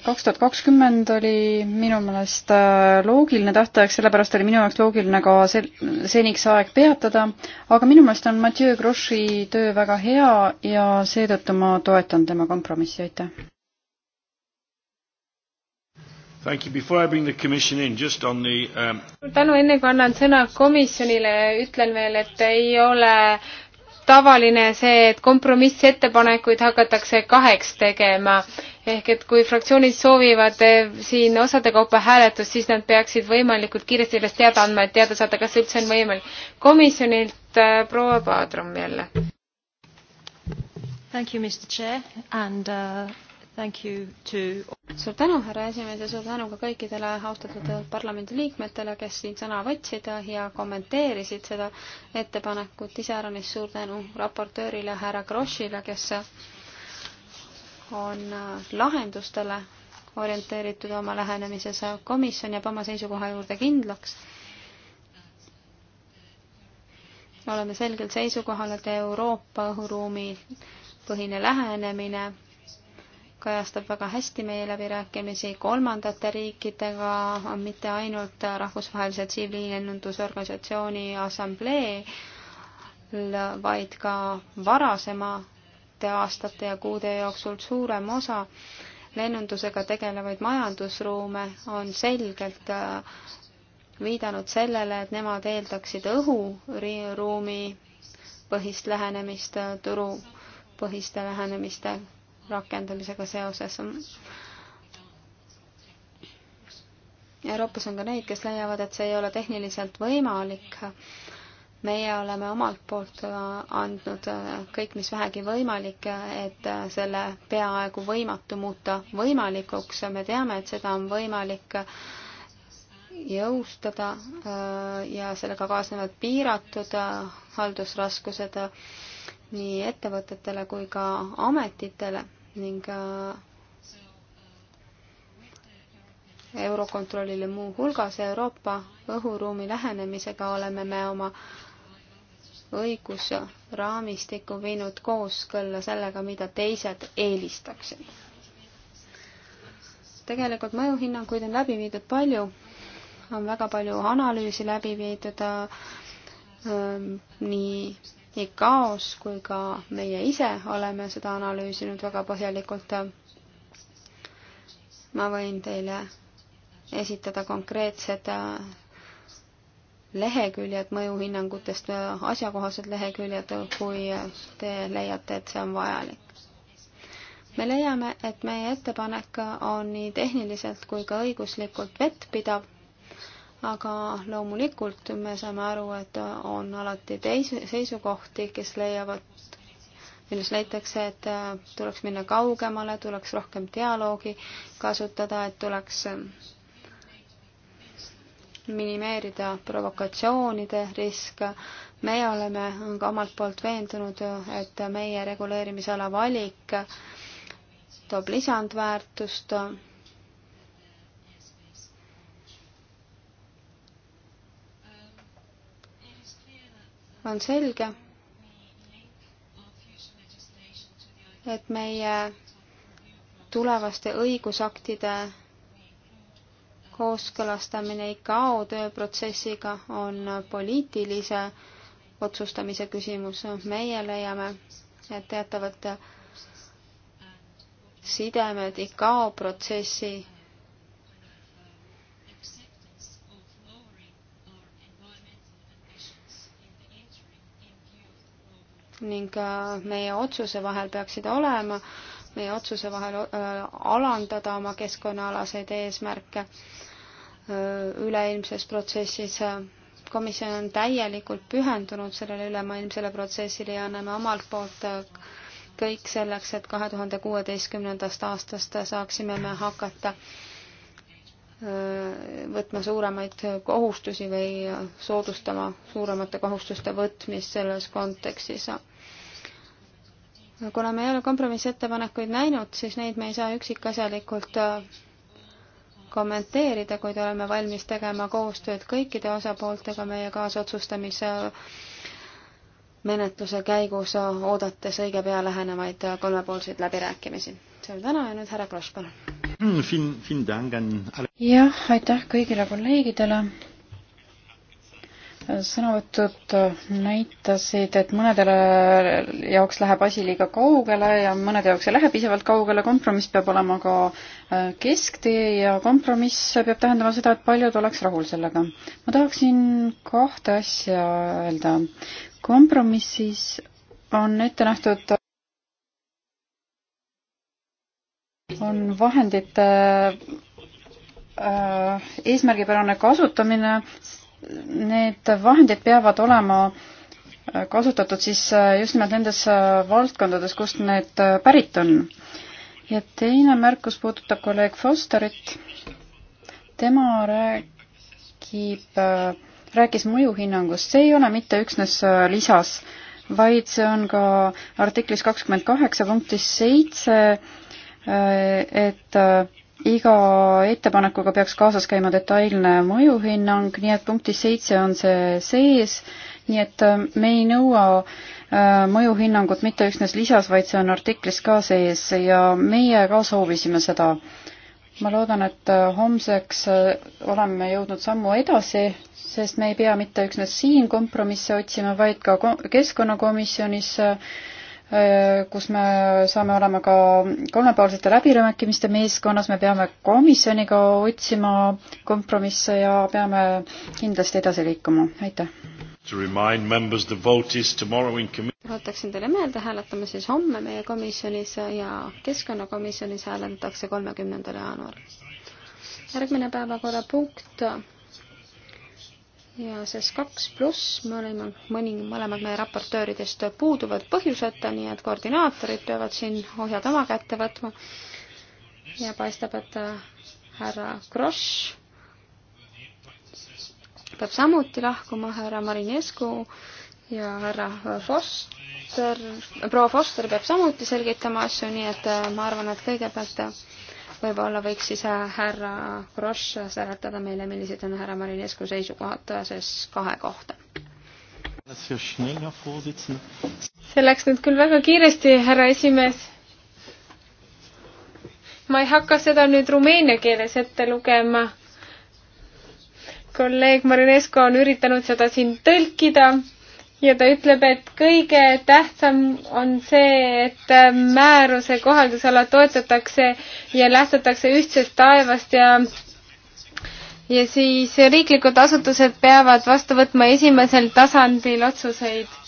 [SPEAKER 4] kaks tuhat kakskümmend oli minu meelest äh, loogiline tähtaeg, sellepärast oli minu jaoks loogiline ka sel-, seniks aeg peatada, aga minu meelest on Mathieu Grossi töö väga hea ja seetõttu ma toetan tema kompromissi, aitäh.
[SPEAKER 1] Thank you. Before I bring the commission in, just on the um...
[SPEAKER 4] tänu, enne kui annan sõna
[SPEAKER 2] komisjonile, ütlen veel, et ei ole tavaline see, et kompromissettepanekuid hakatakse kaheks tegema ehk et kui fraktsioonid soovivad eh, siin osade kaupa hääletust, siis nad peaksid võimalikult kiiresti sellest teada andma, et teada saada, kas üldse on võimalik. komisjonilt äh, proua Paadrum jälle.
[SPEAKER 3] Thank you, Mr Chair and uh, thank you to suur tänu, härra esimees ja suur tänu ka kõikidele austatud parlamendiliikmetele, kes siin sõna võtsid ja kommenteerisid seda ettepanekut, iseäranis suur tänu raportöörile härra Grossile, kes on äh, lahendustele orienteeritud oma lähenemises, komisjon jääb oma seisukoha juurde kindlaks. oleme selgel seisukohal, et Euroopa õhuruumi põhine lähenemine kajastab väga hästi meie läbirääkimisi kolmandate riikidega, mitte ainult Rahvusvahelise Tsiviillennundusorganisatsiooni assamblee, vaid ka varasema viimaste aastate ja kuude jooksul suurem osa lennundusega tegelevaid majandusruume on selgelt äh, viidanud sellele, et nemad eeldaksid õhuruumi põhist lähenemist, äh, turupõhiste lähenemiste rakendamisega seoses. Euroopas on ka neid, kes leiavad, et see ei ole tehniliselt võimalik meie oleme omalt poolt äh, andnud äh, kõik, mis vähegi võimalik, äh, et selle peaaegu võimatu muuta võimalikuks. me teame, et seda on võimalik jõustada ja sellega kaasnevad piiratud haldusraskused nii ettevõtetele kui ka ametitele ning Eurokontrollile muuhulgas Euroopa õhuruumi lähenemisega oleme me oma äh, õigusraamistiku viinud kooskõlla sellega, mida teised eelistaksid. tegelikult mõjuhinnanguid on läbi viidud palju, on väga palju analüüsi läbi viidud ähm, nii ICAO-s kui ka meie ise oleme seda analüüsinud väga põhjalikult. ma võin teile esitada konkreetsed äh, leheküljed mõjuhinnangutest, asjakohased leheküljed, kui te leiate, et see on vajalik. me leiame, et meie ettepanek on nii tehniliselt kui ka õiguslikult vettpidav, aga loomulikult me saame aru, et on alati teisi seisukohti, kes leiavad, milles leitakse, et tuleks minna kaugemale, tuleks rohkem dialoogi kasutada, et tuleks minimeerida provokatsioonide riske. meie oleme ka omalt poolt veendunud, et meie reguleerimisala valik toob lisandväärtust. on selge, et meie tulevaste õigusaktide kooskõlastamine ICAO tööprotsessiga on poliitilise otsustamise küsimus. meie leiame, et teatavad sidemed ICAO protsessi ning äh, meie otsuse vahel peaksid olema, meie otsuse vahel äh, alandada oma keskkonnaalaseid eesmärke üleilmses protsessis. komisjon on täielikult pühendunud sellele ülemaailmsele protsessile ja anname omalt poolt äh, kõik selleks, et kahe tuhande kuueteistkümnendast aastast saaksime me hakata võtma suuremaid kohustusi või soodustama suuremate kohustuste võtmist selles kontekstis. kuna me ei ole kompromissettepanekuid näinud, siis neid me ei saa üksikasjalikult äh, kommenteerida, kuid oleme valmis tegema koostööd kõikide osapooltega meie kaasotsustamise menetluse käigus, oodates õige pea lähenevaid kolmepoolseid läbirääkimisi. suur tänu ja nüüd härra Kross, palun.
[SPEAKER 5] Mm,
[SPEAKER 4] jah, aitäh kõigile kolleegidele sõnavõtud äh, näitasid, et mõnedele jaoks läheb asi liiga kaugele ja mõnede jaoks ei lähe piisavalt kaugele, kompromiss peab olema ka äh, kesktee ja kompromiss peab tähendama seda, et paljud oleks rahul sellega. ma tahaksin kahte asja öelda. kompromissis on ette nähtud on vahendite äh, eesmärgipärane kasutamine, need vahendid peavad olema kasutatud siis äh, just nimelt nendes äh, valdkondades, kust need äh, pärit on. ja teine märkus puudutab kolleeg Fosterit. tema räägib, rääkis mõjuhinnangust, see ei ole mitte üksnes lisas, vaid see on ka artiklis kakskümmend kaheksa punktis seitse, et iga ettepanekuga peaks kaasas käima detailne mõjuhinnang, nii et punktis seitse on see sees, nii et äh, me ei nõua äh, mõjuhinnangut mitte üksnes lisas, vaid see on artiklis ka sees ja meie ka soovisime seda. ma loodan, et äh, homseks oleme jõudnud sammu edasi, sest me ei pea mitte üksnes siin kompromisse otsima, vaid ka keskkonnakomisjonis Äh, kus me saame olema ka kolmepoolsete läbirääkimiste meeskonnas, me peame komisjoniga otsima kompromisse ja peame kindlasti edasi liikuma, aitäh.
[SPEAKER 3] tuletaksin teile meelde, hääletame siis homme meie komisjonis ja keskkonnakomisjonis hääletatakse kolmekümnendal jaanuaril. järgmine päevakorrapunkt ja SES kaks pluss mõlema, mõni, mõlemad meie raportööridest puuduvad põhjuseta, nii et koordinaatorid peavad siin ohjad oma kätte võtma. ja paistab, et äh, härra Grosch peab samuti lahkuma, härra Marinescu ja härra Foster, proua Foster peab samuti selgitama asju, nii et äh, ma arvan, et kõigepealt äh, võib-olla võiks siis äh, härra Grosch seletada meile, millised on härra Marinescu seisukohad äh, SES kahe kohta. see läks nüüd küll väga kiiresti, härra
[SPEAKER 2] esimees ma ei hakka seda nüüd rumeenia keeles ette lugema. kolleeg Marinesko on üritanud seda siin tõlkida ja ta ütleb, et kõige tähtsam on see, et ähm, määruse kohaldusala toetatakse ja lähtutakse ühtsest taevast ja ja siis riiklikud asutused peavad vastu võtma esimesel tasandil otsuseid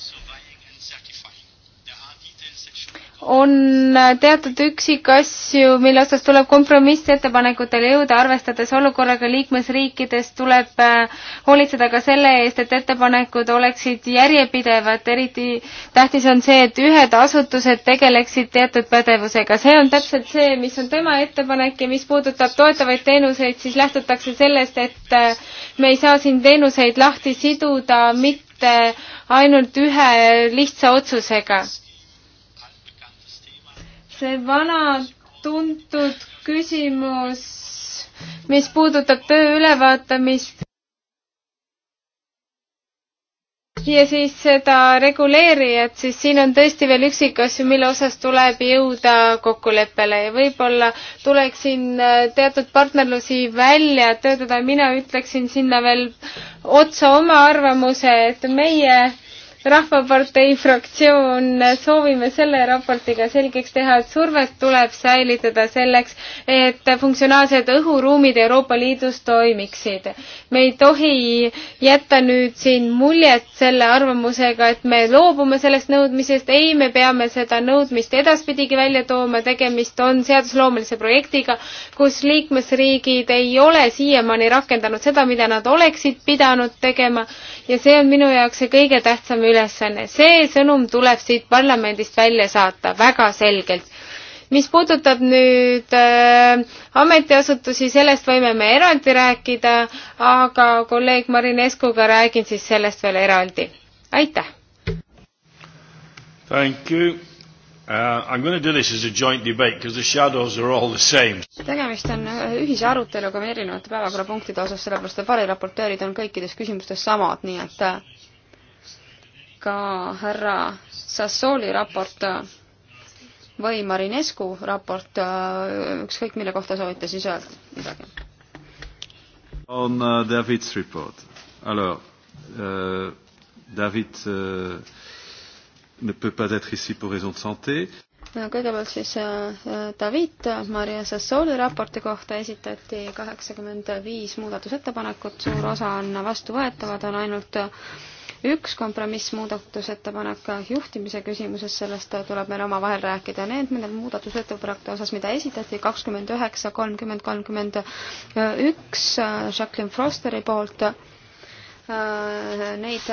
[SPEAKER 2] on teatud üksikasju, mille osas tuleb kompromissettepanekutele jõuda, arvestades olukorraga liikmesriikides, tuleb äh, hoolitseda ka selle eest, et ettepanekud oleksid järjepidevad, eriti tähtis on see, et ühed asutused tegeleksid teatud pädevusega. see on täpselt see, mis on tema ettepanek ja mis puudutab toetavaid teenuseid, siis lähtutakse sellest, et äh, me ei saa siin teenuseid lahti siduda mitte ainult ühe lihtsa otsusega see vana tuntud küsimus, mis puudutab töö ülevaatamist. ja siis seda reguleerijat, siis siin on tõesti veel üksikasju, mille osas tuleb jõuda kokkuleppele ja võib-olla tuleks siin äh, teatud partnerlusi välja töötada. mina ütleksin sinna veel otsa oma arvamuse, et meie rahvapartei fraktsioon soovime selle raportiga selgeks teha, et survet tuleb säilitada selleks, et funktsionaalsed õhuruumid Euroopa Liidus toimiksid. me ei tohi jätta nüüd siin muljet selle arvamusega, et me loobume sellest nõudmisest, ei, me peame seda nõudmist edaspidigi välja tooma, tegemist on seadusloomelise projektiga, kus liikmesriigid ei ole siiamaani rakendanud seda, mida nad oleksid pidanud tegema ja see on minu jaoks see kõige tähtsam ülesanne ülesanne. see sõnum tuleb siit parlamendist välja saata väga selgelt mis puudutab nüüd äh, ametiasutusi, sellest võime me eraldi rääkida, aga kolleeg Marin Eskuga räägin siis sellest veel
[SPEAKER 3] eraldi. aitäh!
[SPEAKER 1] Thank you. Uh, I'm going to do this as a joint debate because the shadows are all the same.
[SPEAKER 3] tegemist on äh, ühise aruteluga erinevate päevakorrapunktide osas, sellepärast et variraportöörid on kõikides küsimustes samad, nii et äh, ka härra Sassooli raport või Marinescu raport, ükskõik mille kohta soovite siis öelda midagi?
[SPEAKER 1] On uh, David's report. Alors, euh, David euh, ne peut pas être ici pour raison de santé.
[SPEAKER 3] kõigepealt siis David Maria Sassooli raporti kohta esitati kaheksakümmend viis muudatusettepanekut, suur osa on vastuvõetavad, on ainult äh, üks kompromissmuudatusettepanek juhtimise küsimuses, sellest tuleb meil omavahel rääkida. Need muudatusettepanekute osas, mida esitati, kakskümmend üheksa, kolmkümmend, kolmkümmend üks äh, Jacqueline Frosteri poolt, äh, neid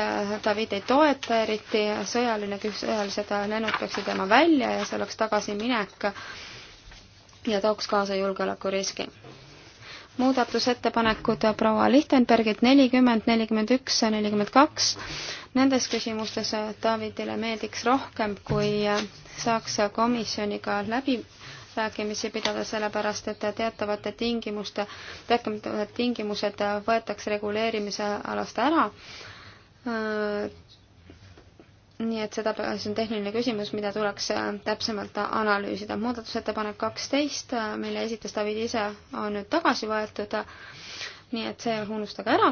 [SPEAKER 3] David äh, ei toeta eriti, sõjaline, sõjalised lennud peaksid jääma välja ja see oleks tagasiminek ja tooks kaasa julgeolekuriski muudatusettepanekud proua Lichtenbergilt nelikümmend, nelikümmend üks ja nelikümmend kaks. Nendes küsimustes Davidile meeldiks rohkem, kui saaks komisjoniga läbi rääkimisi pidada, sellepärast et teatavate tingimuste, teatavad tingimused võetakse reguleerimise alast ära nii et seda, see on tehniline küsimus, mida tuleks äh, täpsemalt analüüsida. muudatusettepanek kaksteist, äh, mille esitas David ise, on nüüd tagasi võetud, nii et see unustage ära.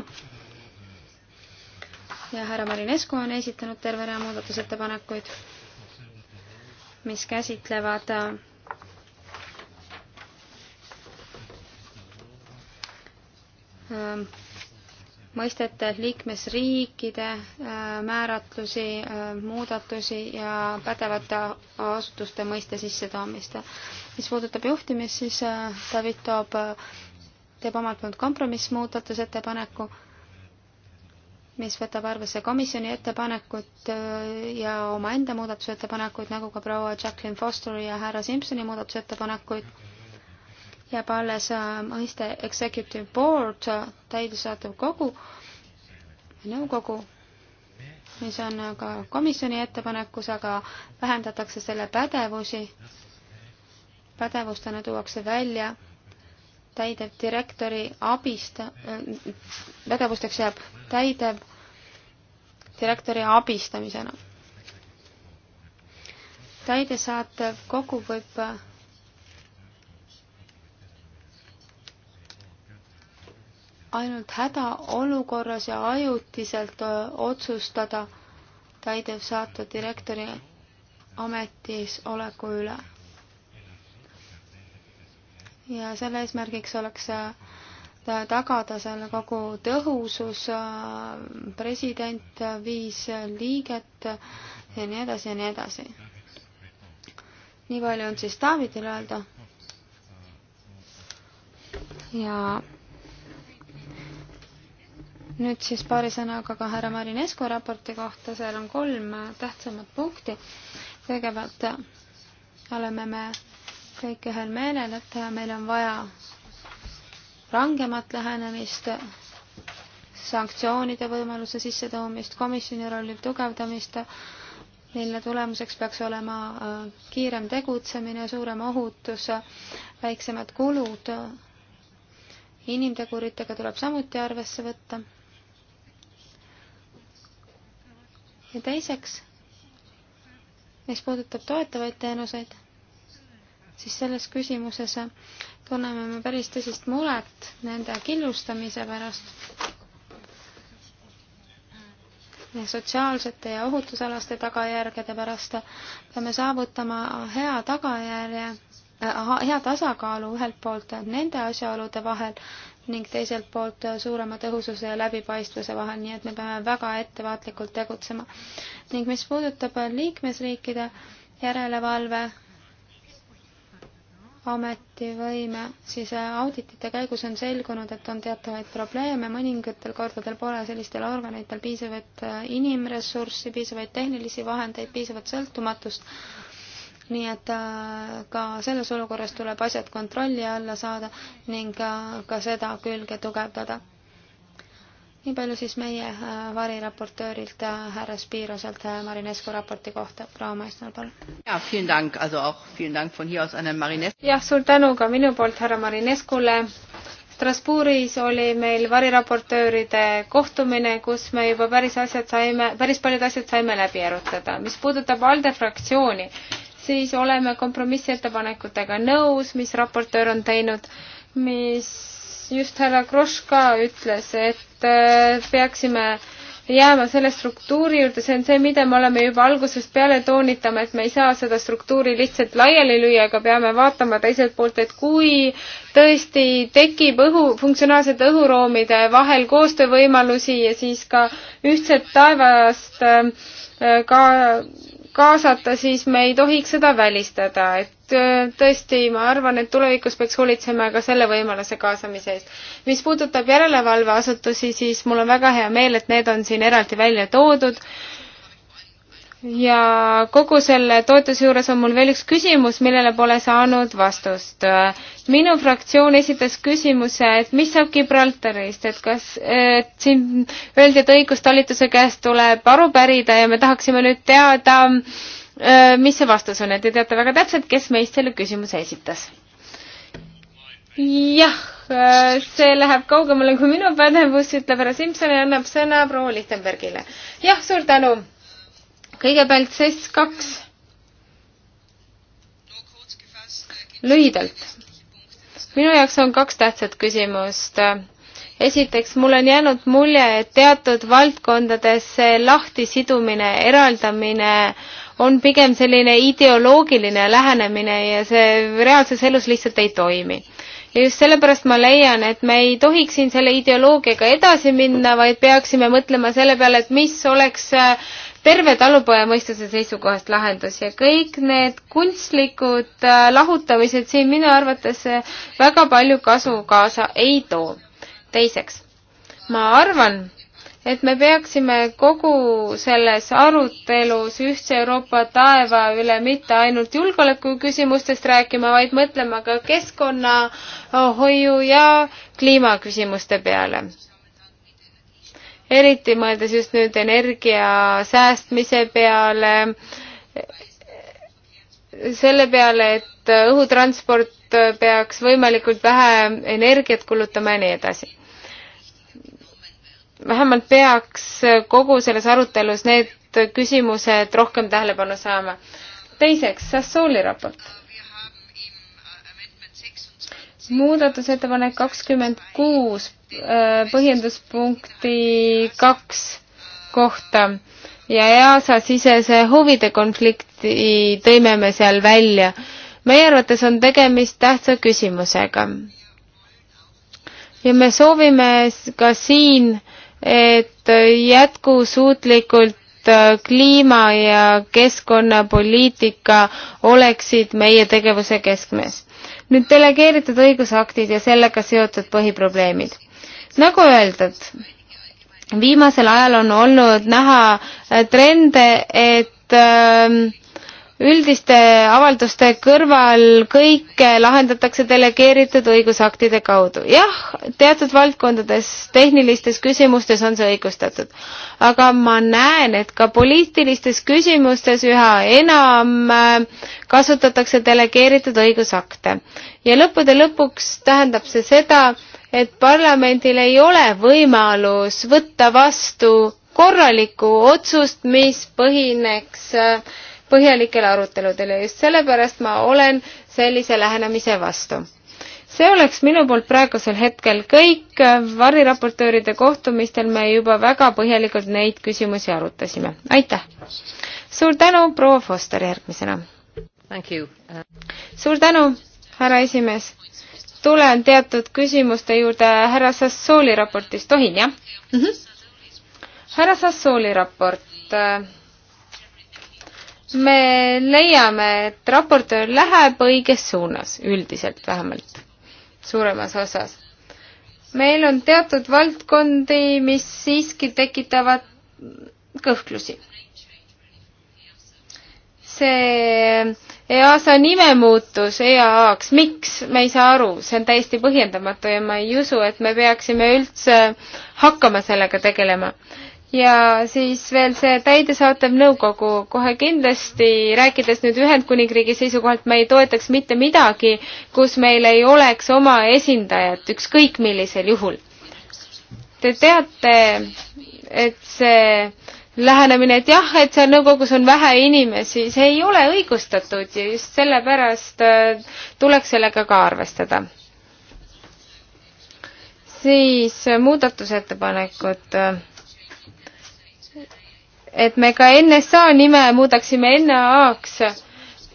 [SPEAKER 3] ja härra Marinescu on esitanud terve rea muudatusettepanekuid, mis käsitlevad ähm, mõistete liikmesriikide äh, määratlusi, äh, muudatusi ja pädevate asutuste mõiste sissetoomist. mis puudutab juhtimist, siis äh, David toob, teeb omalt poolt kompromissmuudatusettepaneku, mis võtab arvesse komisjoni ettepanekut ja omaenda muudatusettepanekuid, nagu ka proua Jacqueline Fosteri ja härra Simsoni muudatusettepanekuid jääb alles äh, mõiste executive board, äh, täidesaatev kogu, nõukogu, mis on ka komisjoni ettepanekus, aga vähendatakse selle pädevusi. pädevustena tuuakse välja täidev direktori abist, äh, pädevusteks jääb täidev direktori abistamisena. täidesaatev kogu võib ainult hädaolukorras ja ajutiselt otsustada täidevsaatva direktori ametis oleku üle. ja selle eesmärgiks oleks tagada selle kogu tõhusus, president, viis liiget ja nii edasi ja nii edasi. nii palju on siis Davidil öelda. ja nüüd siis paari sõnaga ka härra Marinesko raporti kohta, seal on kolm tähtsamat punkti. kõigepealt oleme me kõik ühel meelel, et meil on vaja rangemat lähenemist, sanktsioonide võimaluse sissetoomist, komisjoni rolli tugevdamist, mille tulemuseks peaks olema äh, kiirem tegutsemine, suurem ohutus, väiksemad kulud. inimteguritega tuleb samuti arvesse võtta ja teiseks, mis puudutab toetavaid teenuseid, siis selles küsimuses tunneme me päris tõsist muret nende killustamise pärast. Ja sotsiaalsete ja ohutusalaste tagajärgede pärast peame saavutama hea tagajärje äh, hea tasakaalu ühelt poolt nende asjaolude vahel, ning teiselt poolt suurema tõhususe ja läbipaistvuse vahel, nii et me peame väga ettevaatlikult tegutsema. ning mis puudutab liikmesriikide järelevalve ametivõime, siis auditite käigus on selgunud, et on teatavaid probleeme, mõningatel kordadel pole sellistel organitel piisavat inimressurssi, piisavaid tehnilisi vahendeid, piisavat sõltumatust nii et äh, ka selles olukorras tuleb asjad kontrolli alla saada ning äh, ka seda külge tugevdada. nii palju siis meie äh, variraportöörilt härra Spiiroselt Marinescu raporti kohta. proua Maisner, palun.
[SPEAKER 2] jah, suur tänu ka minu poolt härra Marineskule Strasbourgis oli meil variraportööride kohtumine, kus me juba päris asjad saime, päris paljud asjad saime läbi arutada. mis puudutab ALDE fraktsiooni, siis oleme kompromissettepanekutega nõus, mis raportöör on teinud, mis just härra Kross ka ütles, et äh, peaksime jääma selle struktuuri juurde, see on see, mida me oleme juba algusest peale toonitama, et me ei saa seda struktuuri lihtsalt laiali lüüa, aga peame vaatama teiselt poolt, et kui tõesti tekib õhu, funktsionaalsete õhuruumide vahel koostöövõimalusi ja siis ka ühtset taevast äh, ka kaasata, siis me ei tohiks seda välistada, et äh, tõesti, ma arvan, et tulevikus peaks hoolitsema ka selle võimaluse kaasamise eest. mis puudutab järelevalveasutusi, siis mul on väga hea meel, et need on siin eraldi välja toodud ja kogu selle toetuse juures on mul veel üks küsimus, millele pole saanud vastust. minu fraktsioon esitas küsimuse, et mis saab Gibraltarist, et kas, et siin öeldi, et õigustalituse käest tuleb aru pärida ja me tahaksime nüüd teada, äh, mis see vastus on, et te teate väga täpselt, kes meist selle küsimuse esitas. jah, äh, see läheb kaugemale kui minu pädevus, ütleb härra Simson ja annab sõna proua Lichtenbergile. jah, suur tänu kõigepealt SES kaks. lühidalt. minu jaoks on kaks tähtsat küsimust. esiteks, mul on jäänud mulje, et teatud valdkondades see lahtisidumine, eraldamine on pigem selline ideoloogiline lähenemine ja see reaalses elus lihtsalt ei toimi ja just sellepärast ma leian, et me ei tohiks siin selle ideoloogiaga edasi minna, vaid peaksime mõtlema selle peale, et mis oleks äh, terve talupoja mõistuse seisukohast lahendus ja kõik need kunstlikud äh, lahutamised siin minu arvates äh, väga palju kasu kaasa ei too. teiseks, ma arvan, et me peaksime kogu selles arutelus ühtse Euroopa taeva üle mitte ainult julgeoleku küsimustest rääkima, vaid mõtlema ka keskkonnahoiu oh, ja kliimaküsimuste peale eriti mõeldes just nüüd energia säästmise peale, selle peale, et õhutransport peaks võimalikult vähe energiat kulutama ja nii edasi. vähemalt peaks kogu selles arutelus need küsimused rohkem tähelepanu saama. teiseks, Sassooli raport muudatusettepanek kakskümmend kuus äh, põhjenduspunkti kaks kohta ja EASA-sisese huvide konflikti tõime me seal välja. meie arvates on tegemist tähtsa küsimusega. ja me soovime ka siin, et jätkusuutlikult äh, kliima ja keskkonnapoliitika oleksid meie tegevuse keskmes nüüd delegeeritud õigusaktid ja sellega seotud põhiprobleemid. nagu öeldud, viimasel ajal on olnud näha äh, trende, et äh, üldiste avalduste kõrval kõike lahendatakse delegeeritud õigusaktide kaudu. jah, teatud valdkondades, tehnilistes küsimustes on see õigustatud. aga ma näen, et ka poliitilistes küsimustes üha enam äh, kasutatakse delegeeritud õigusakte. ja lõppude lõpuks tähendab see seda, et parlamendil ei ole võimalus võtta vastu korralikku otsust, mis põhineks äh, põhjalikele aruteludele, just sellepärast ma olen sellise lähenemise vastu. see oleks minu poolt praegusel hetkel kõik, variraportööride kohtumistel me juba väga põhjalikult neid küsimusi arutasime, aitäh! suur tänu, proua Foster järgmisena! suur tänu, härra esimees! tulen teatud küsimuste juurde härra Sassooli raportist, tohin jah mm? -hmm. härra Sassooli raport äh, me leiame, et raportöör läheb õiges suunas, üldiselt vähemalt, suuremas osas. meil on teatud valdkondi, mis siiski tekitavad kõhklusi. see EASA nime muutus EAA-ks, miks, me ei saa aru, see on täiesti põhjendamatu ja ma ei usu, et me peaksime üldse hakkama sellega tegelema ja siis veel see täidesaatev nõukogu, kohe kindlasti, rääkides nüüd Ühendkuningriigi seisukohalt, me ei toetaks mitte midagi, kus meil ei oleks oma esindajat, ükskõik millisel juhul. Te teate, et see lähenemine, et jah, et seal nõukogus on vähe inimesi, see ei ole õigustatud ja just sellepärast äh, tuleks sellega ka arvestada. siis muudatusettepanekud et me ka NSA nime muudaksime NAA-ks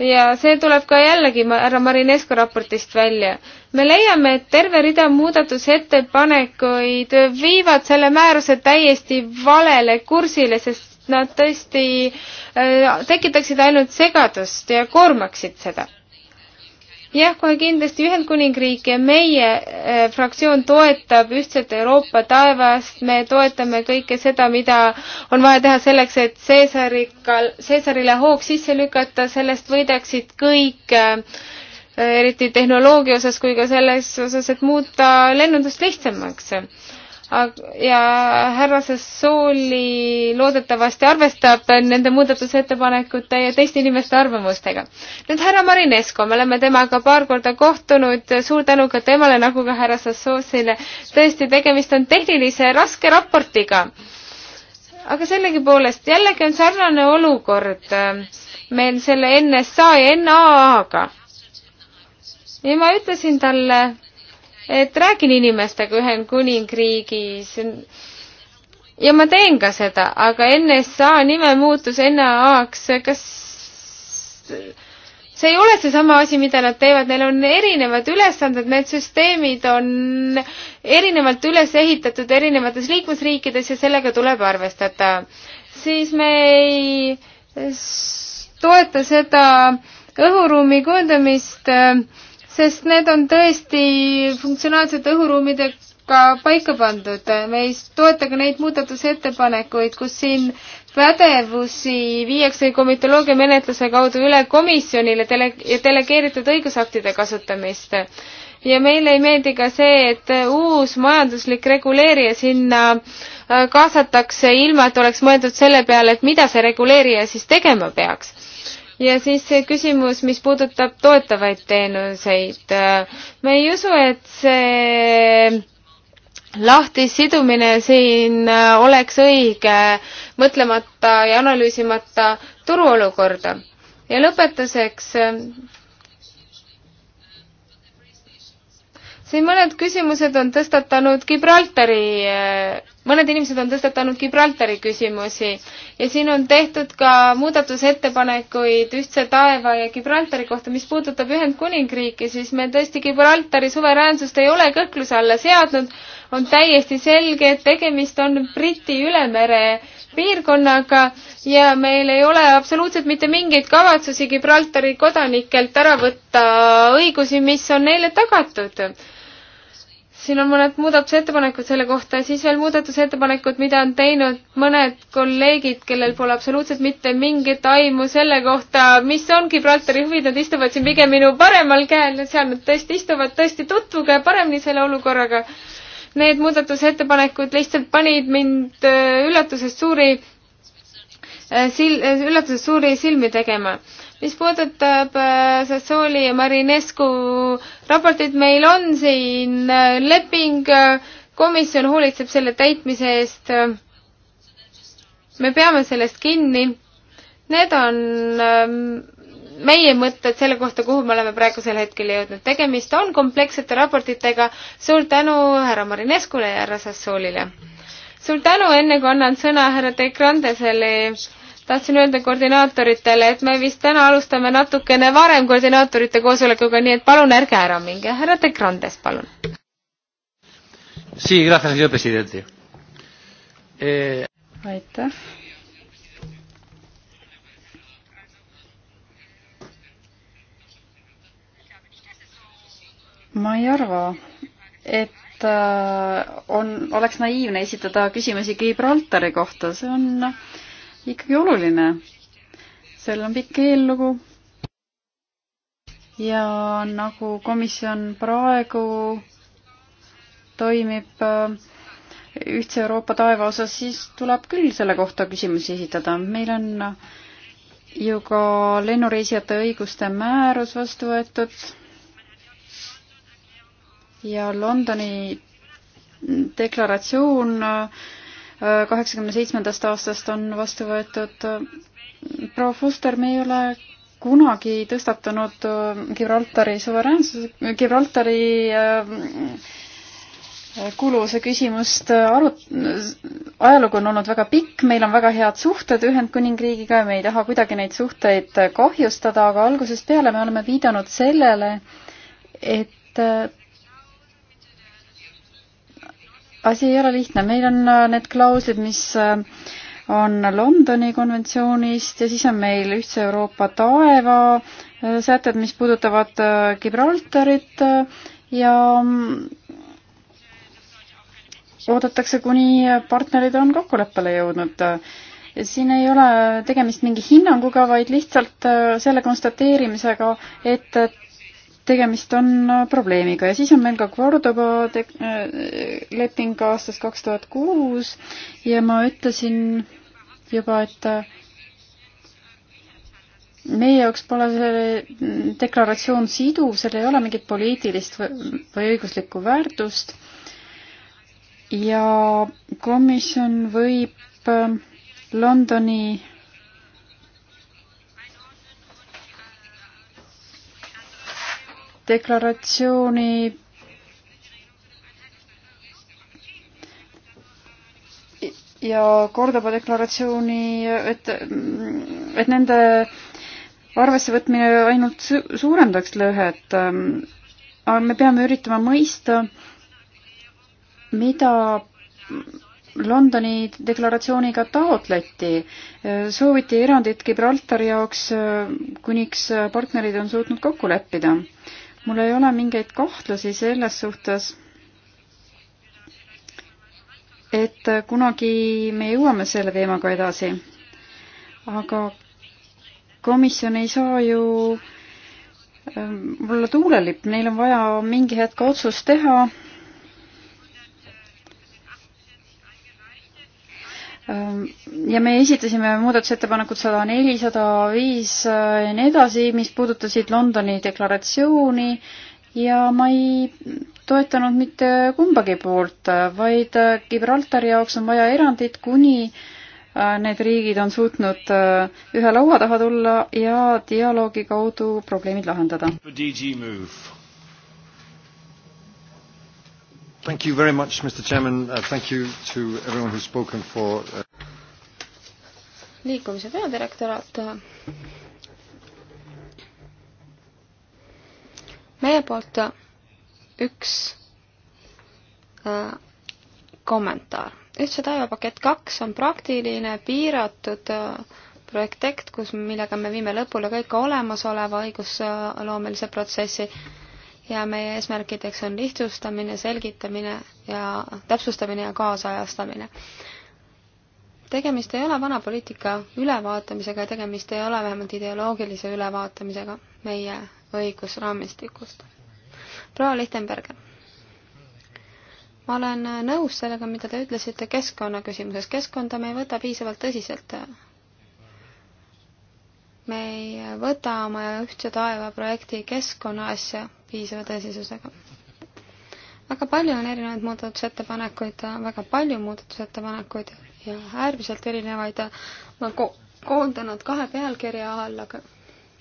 [SPEAKER 2] ja see tuleb ka jällegi härra Marinesko raportist välja. me leiame, et terve rida muudatusettepanekuid viivad selle määruse täiesti valele kursile, sest nad tõesti äh, tekitaksid ainult segadust ja koormaksid seda jah, kohe kindlasti Ühendkuningriik ja meie äh, fraktsioon toetab ühtset Euroopa taevast, me toetame kõike seda, mida on vaja teha selleks, et Caesarikal, Caesarile hoog sisse lükata, sellest võidaksid kõik äh, eriti tehnoloogia osas kui ka selles osas, et muuta lennundust lihtsamaks ja härra Sassooli loodetavasti arvestab nende muudatusettepanekute ja teiste inimeste arvamustega. nüüd härra Marinesko, me oleme temaga paar korda kohtunud, suur tänu ka temale, nagu ka härra Sassoosile. tõesti, tegemist on tehnilise raske raportiga. aga sellegipoolest jällegi on sarnane olukord äh, meil selle NSA ja NAA-ga. ja ma ütlesin talle, et räägin inimestega Ühendkuningriigis ja ma teen ka seda, aga NSA nime muutus NAA-ks, kas see ei ole seesama asi, mida nad teevad, neil on erinevad ülesanded, need süsteemid on erinevalt üles ehitatud erinevates liikmesriikides ja sellega tuleb arvestada. siis me ei toeta seda õhuruumi kujundamist äh, sest need on tõesti funktsionaalsete õhuruumidega paika pandud. me ei toeta ka neid muudatusettepanekuid, kus siin pädevusi viiakse komitoloogia menetluse kaudu üle komisjonile dele- ja delegeeritud õigusaktide kasutamist ja meile ei meeldi ka see, et uus majanduslik reguleerija sinna äh, kaasatakse ilma, et oleks mõeldud selle peale, et mida see reguleerija siis tegema peaks ja siis see küsimus, mis puudutab toetavaid teenuseid. me ei usu, et see lahtissidumine siin oleks õige, mõtlemata ja analüüsimata turuolukorda. ja lõpetuseks siin mõned küsimused on tõstatanud Gibraltari, eh, mõned inimesed on tõstatanud Gibraltari küsimusi ja siin on tehtud ka muudatusettepanekuid Ühtse taeva ja Gibraltari kohta, mis puudutab Ühendkuningriiki, siis me tõesti Gibraltari suveräänsust ei ole kõhkluse alla seadnud. on täiesti selge, et tegemist on Briti ülemere piirkonnaga ja meil ei ole absoluutselt mitte mingeid kavatsusi Gibraltari kodanikelt ära võtta õigusi, mis on neile tagatud siin on mõned muudatusettepanekud selle kohta ja siis veel muudatusettepanekud, mida on teinud mõned kolleegid, kellel pole absoluutselt mitte mingit aimu selle kohta, mis on Gibraltari huvid, nad istuvad siin pigem minu paremal käel, seal nad tõesti istuvad, tõesti tutvuge paremini selle olukorraga. Need muudatusettepanekud lihtsalt panid mind äh, üllatusest suuri äh, sil-, äh, üllatusest suuri silmi tegema mis puudutab äh, Sassooli ja Marinescu raportit, meil on siin äh, leping, äh, komisjon hoolitseb selle täitmise eest. me peame sellest kinni. Need on ähm, meie mõtted selle kohta, kuhu me oleme praegusel hetkel jõudnud. tegemist on komplekssete raportitega. suur tänu härra Marineskule ja härra Sassoolile. suur tänu, enne kui annan sõna härra De Grandesele tahtsin öelda koordinaatoritele, et me vist täna alustame natukene varem koordinaatorite koosolekuga, nii et palun ärge ära minge. härra De Grandes, palun.
[SPEAKER 4] Eh, aitäh. ma ei arva, et äh, on, oleks naiivne esitada küsimusi Gibraltari kohta, see on äh, ikkagi oluline. seal on pikk eellugu. ja nagu komisjon praegu toimib äh, ühtse Euroopa taeva osas, siis tuleb küll selle kohta küsimusi esitada. meil on ju ka lennureisijate õiguste määrus vastu võetud ja Londoni deklaratsioon äh, kaheksakümne seitsmendast aastast on vastu võetud. proua Fuster, me ei ole kunagi tõstatanud Gibraltari suveräänsuse, Gibraltari äh, kuluvuse küsimust arut-, ajalugu on olnud väga pikk, meil on väga head suhted Ühendkuningriigiga ja me ei taha kuidagi neid suhteid kahjustada, aga algusest peale me oleme viidanud sellele, et asi ei ole lihtne, meil on äh, need klauslid, mis äh, on Londoni konventsioonist ja siis on meil Ühtse Euroopa taeva äh, sätted, mis puudutavad Gibraltarit ja mm, oodatakse, kuni partnerid on kokkuleppele jõudnud. siin ei ole tegemist mingi hinnanguga, vaid lihtsalt selle konstateerimisega, et, et tegemist on äh, probleemiga ja siis on meil ka Cordoba äh, leping aastast kaks tuhat kuus ja ma ütlesin juba, et äh, meie jaoks pole see deklaratsioon siduv, seal ei ole mingit poliitilist või õiguslikku väärtust ja komisjon võib Londoni deklaratsiooni ja Cordoba deklaratsiooni, et, et nende arvessevõtmine ainult suurendaks lõhet. aga me peame üritama mõista, mida Londoni deklaratsiooniga taotleti. sooviti erandit Gibraltari jaoks, kuniks partnerid on suutnud kokku leppida mul ei ole mingeid kahtlusi selles suhtes, et kunagi me jõuame selle teemaga edasi. aga komisjon ei saa ju olla ähm, tuulelipp, neil on vaja mingi hetk otsus teha Ehm, ja me esitasime muudatusettepanekud sada neli, sada viis äh, ja nii edasi, mis puudutasid Londoni deklaratsiooni ja ma ei toetanud mitte kumbagi poolt, äh, vaid äh, Gibraltari jaoks on vaja erandit, kuni need riigid on suutnud ühe laua taha tulla ja dialoogi kaudu probleemid lahendada.
[SPEAKER 1] DG Move Thank you very much, Mr Chairman uh,, thank you to everyone who has spoken for uh....
[SPEAKER 3] liikumise peadirektorat. meie poolt üks äh, kommentaar. ühtse taevapakett kaks on praktiline piiratud äh, projekt, kus, millega me viime lõpule kõik olemasoleva õigusloomelise protsessi äh, ja meie eesmärkideks on lihtsustamine, selgitamine ja täpsustamine ja kaasajastamine. tegemist ei ole vana poliitika ülevaatamisega, tegemist ei ole vähemalt ideoloogilise ülevaatamisega meie õigusraamistikust. proua Lichtenberger, ma olen nõus sellega, mida te ütlesite keskkonna küsimuses, keskkonda me ei võta piisavalt tõsiselt me ei võta oma ühtse taeva projekti keskkonnaasja piisava tõsisusega. väga palju on erinevaid muudatusettepanekuid, väga palju muudatusettepanekuid ja äärmiselt erinevaid ma ko koondanud kahe pealkirja all, aga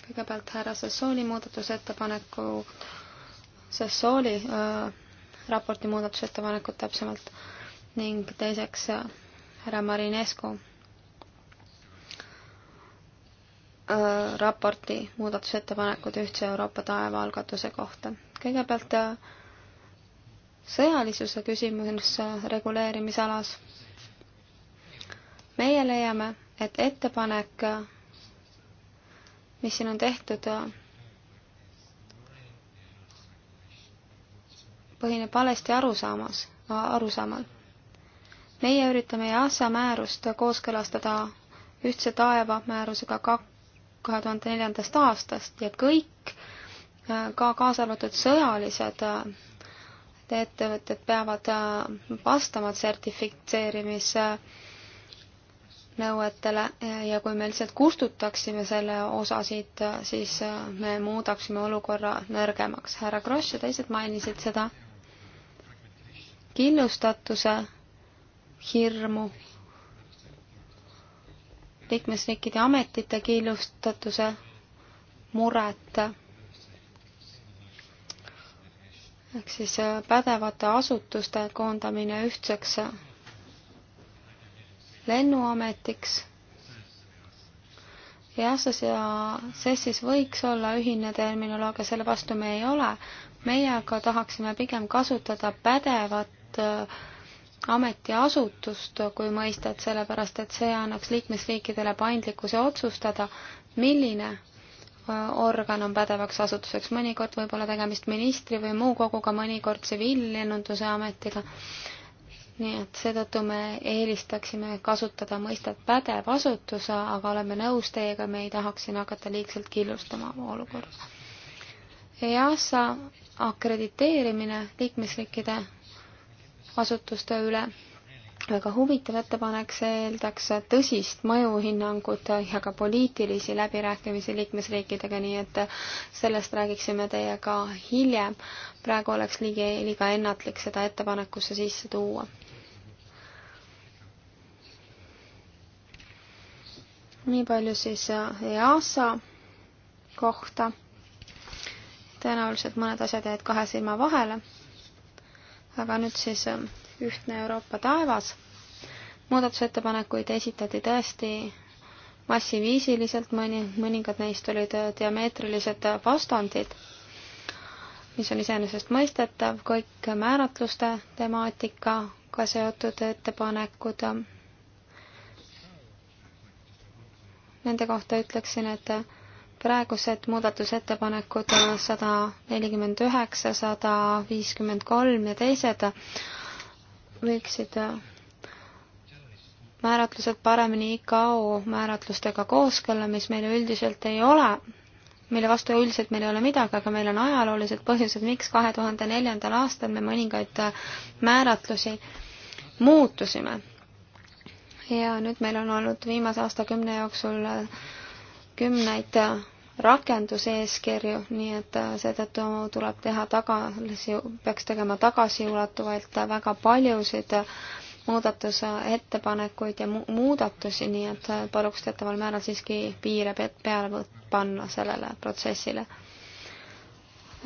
[SPEAKER 3] kõigepealt härra Sassooli muudatusettepaneku, Sassooli äh, raporti muudatusettepanekut täpsemalt ning teiseks äh, härra Marinescu Äh, raporti muudatusettepanekud Ühtse Euroopa taeva algatuse kohta. kõigepealt äh, sõjalisuse küsimus äh, reguleerimisalas. meie leiame, et ettepanek, mis siin on tehtud, põhineb valesti arusaamas, arusaamal. meie üritame EASA määrust kooskõlastada ühtse taeva määrusega kak-, kahe tuhande neljandast aastast ja kõik, äh, ka kaasa arvatud sõjalised äh, ettevõtted peavad äh, vastama sertifitseerimise nõuetele ja kui me lihtsalt kustutaksime selle osa siit, siis me muudaksime olukorra nõrgemaks. härra Kross ja teised mainisid seda killustatuse hirmu liikmesriikide ametite killustatuse muret ehk siis äh, pädevate asutuste koondamine ühtseks äh, lennuametiks. EASA-s ja CES-is võiks olla ühine terminoloogia, selle vastu me ei ole. meie aga tahaksime pigem kasutada pädevat äh, ametiasutust kui mõistet, sellepärast et see annaks liikmesriikidele paindlikkuse otsustada, milline organ on pädevaks asutuseks, mõnikord võib olla tegemist ministri või muu koguga, mõnikord tsiviillennunduse ametiga. nii et seetõttu me eelistaksime kasutada mõistet pädev asutus, aga oleme nõus teiega, me ei tahaks siin hakata liigselt killustama olukorda. EASA akrediteerimine liikmesriikide asutuste üle. väga huvitav ettepanek, see eeldaks tõsist mõjuhinnangut ja ka poliitilisi läbirääkimisi liikmesriikidega, nii et sellest räägiksime teiega hiljem. praegu oleks liiga, liiga ennatlik seda ettepanekusse sisse tuua. nii palju siis EASA kohta. tõenäoliselt mõned asjad jäid kahe silma vahele aga nüüd siis äh, ühtne Euroopa taevas. muudatusettepanekuid esitati tõesti massiviisiliselt, mõni, mõningad neist olid äh, diameetrilised äh, vastandid, mis on iseenesestmõistetav, kõik määratluste temaatikaga seotud ettepanekud. Nende kohta ütleksin, et praegused muudatusettepanekud äh, sada nelikümmend üheksa, sada viiskümmend kolm ja teised võiksid äh, määratlused paremini IKO määratlustega kooskõlla, mis meil üldiselt ei ole, mille vastu üldiselt meil ei ole midagi, aga meil on ajaloolised põhjused, miks kahe tuhande neljandal aastal me mõningaid äh, määratlusi muutusime. ja nüüd meil on olnud viimase aastakümne jooksul kümneid rakenduseeskirju, nii et äh, seetõttu tuleb teha tagasi, peaks tegema tagasiulatuvalt äh, väga paljusid äh, muudatusettepanekuid ja mu muudatusi, nii et paluks teataval määral siiski piire peale panna sellele protsessile.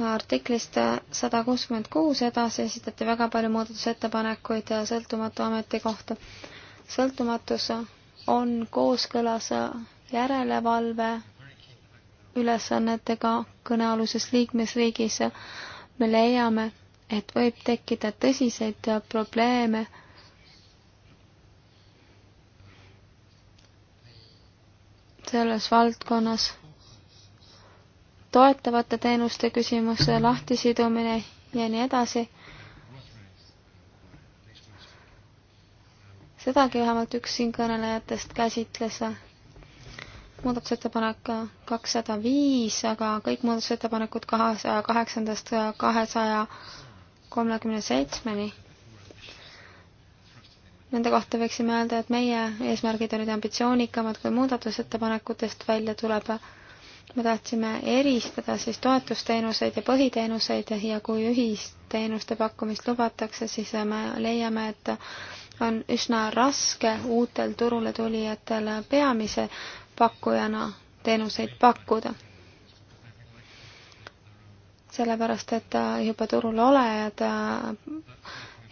[SPEAKER 3] artiklist sada kuuskümmend kuus edasi esitati väga palju muudatusettepanekuid sõltumatu ametikohta. sõltumatus on kooskõlas järelevalve ülesannetega kõnealuses liikmesriigis me leiame, et võib tekkida tõsiseid probleeme selles valdkonnas. toetavate teenuste küsimuse lahtisidumine ja nii edasi. sedagi vähemalt üks siinkõnelejatest käsitles muudatusettepanek kakssada viis, aga kõik muudatusettepanekud kahesaja kaheksandast kahesaja kolmekümne seitsmeni. Nende kohta võiksime öelda, et meie eesmärgid olid ambitsioonikamad, kui muudatusettepanekutest välja tuleb. me tahtsime eristada siis toetusteenuseid ja põhiteenuseid ja kui ühisteenuste pakkumist lubatakse, siis me leiame, et on üsna raske uutel turule tulijatel peamise pakkujana teenuseid pakkuda. sellepärast, et juba turul olejad äh,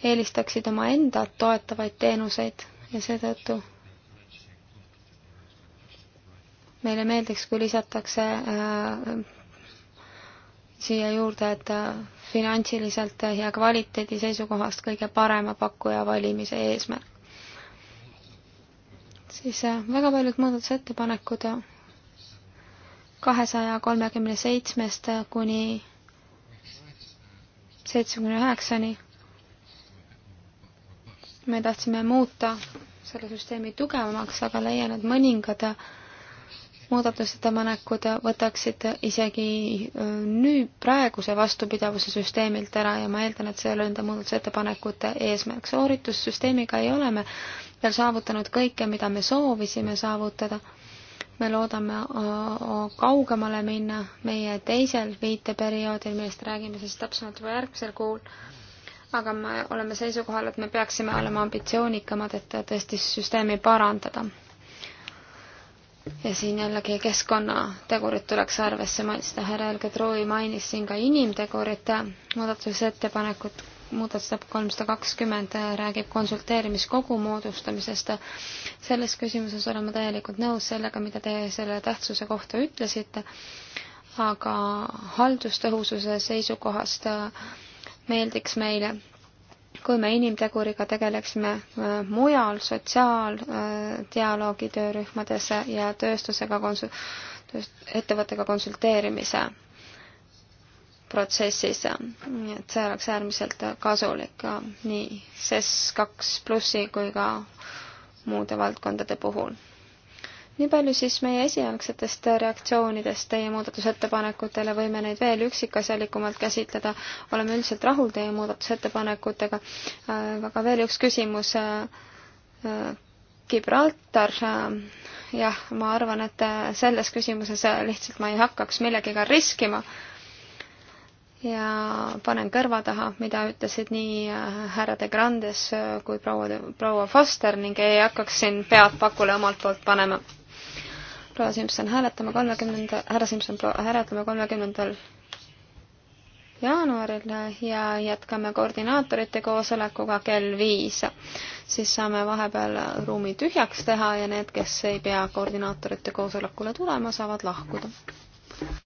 [SPEAKER 3] eelistaksid omaenda toetavaid teenuseid ja seetõttu meile meeldiks, kui lisatakse äh, siia juurde, et äh, finantsiliselt ja kvaliteedi seisukohast kõige parema pakkuja valimise eesmärk siis äh, väga paljud muudatusettepanekud äh, kahesaja kolmekümne seitsmest äh, kuni seitsmekümne üheksani. me tahtsime muuta selle süsteemi tugevamaks, aga leian, et mõningad muudatusettepanekud võtaksid isegi äh, nüüd praeguse vastupidavuse süsteemilt ära ja ma eeldan, et see ei ole nende muudatusettepanekute eesmärk. sooritussüsteemiga ei ole me veel saavutanud kõike, mida me soovisime saavutada. me loodame äh, kaugemale minna meie teisel viiteperioodil, millest räägime siis täpsemalt juba järgmisel kuul, aga me oleme seisukohal, et me peaksime olema ambitsioonikamad, et tõesti süsteemi parandada ja siin jällegi keskkonnategurit tuleks arvesse mõista. härra Elgadroi mainis siin ka inimtegurite muudatusettepanekut, muudatusettepanek kolmsada kakskümmend räägib konsulteerimiskogu moodustamisest. selles küsimuses olen ma täielikult nõus sellega, mida te selle tähtsuse kohta ütlesite, aga haldustõhususe seisukohast meeldiks meile kui me inimteguriga tegeleksime äh, mujal sotsiaaldialoogi töörühmades ja tööstusega konsul-, ettevõttega konsulteerimise protsessis, nii et see oleks äärmiselt kasulik nii SES kaks plussi kui ka muude valdkondade puhul nii palju siis meie esialgsetest reaktsioonidest teie muudatusettepanekutele, võime neid veel üksikasjalikumalt käsitleda, oleme üldiselt rahul teie muudatusettepanekutega, äh, aga veel üks küsimus, äh, äh, Gibraltar, jah, ma arvan, et selles küsimuses lihtsalt ma ei hakkaks millegagi riskima ja panen kõrva taha, mida ütlesid nii härra de Grandes kui proua, proua Foster ning ei hakkaks siin pead pakule omalt poolt panema proua Simson, hääletame kolmekümnenda, härra Simson, hääletame kolmekümnendal jaanuaril ja jätkame koordinaatorite koosolekuga kell viis. siis saame vahepeal ruumi tühjaks teha ja need, kes ei pea koordinaatorite koosolekule tulema, saavad lahkuda.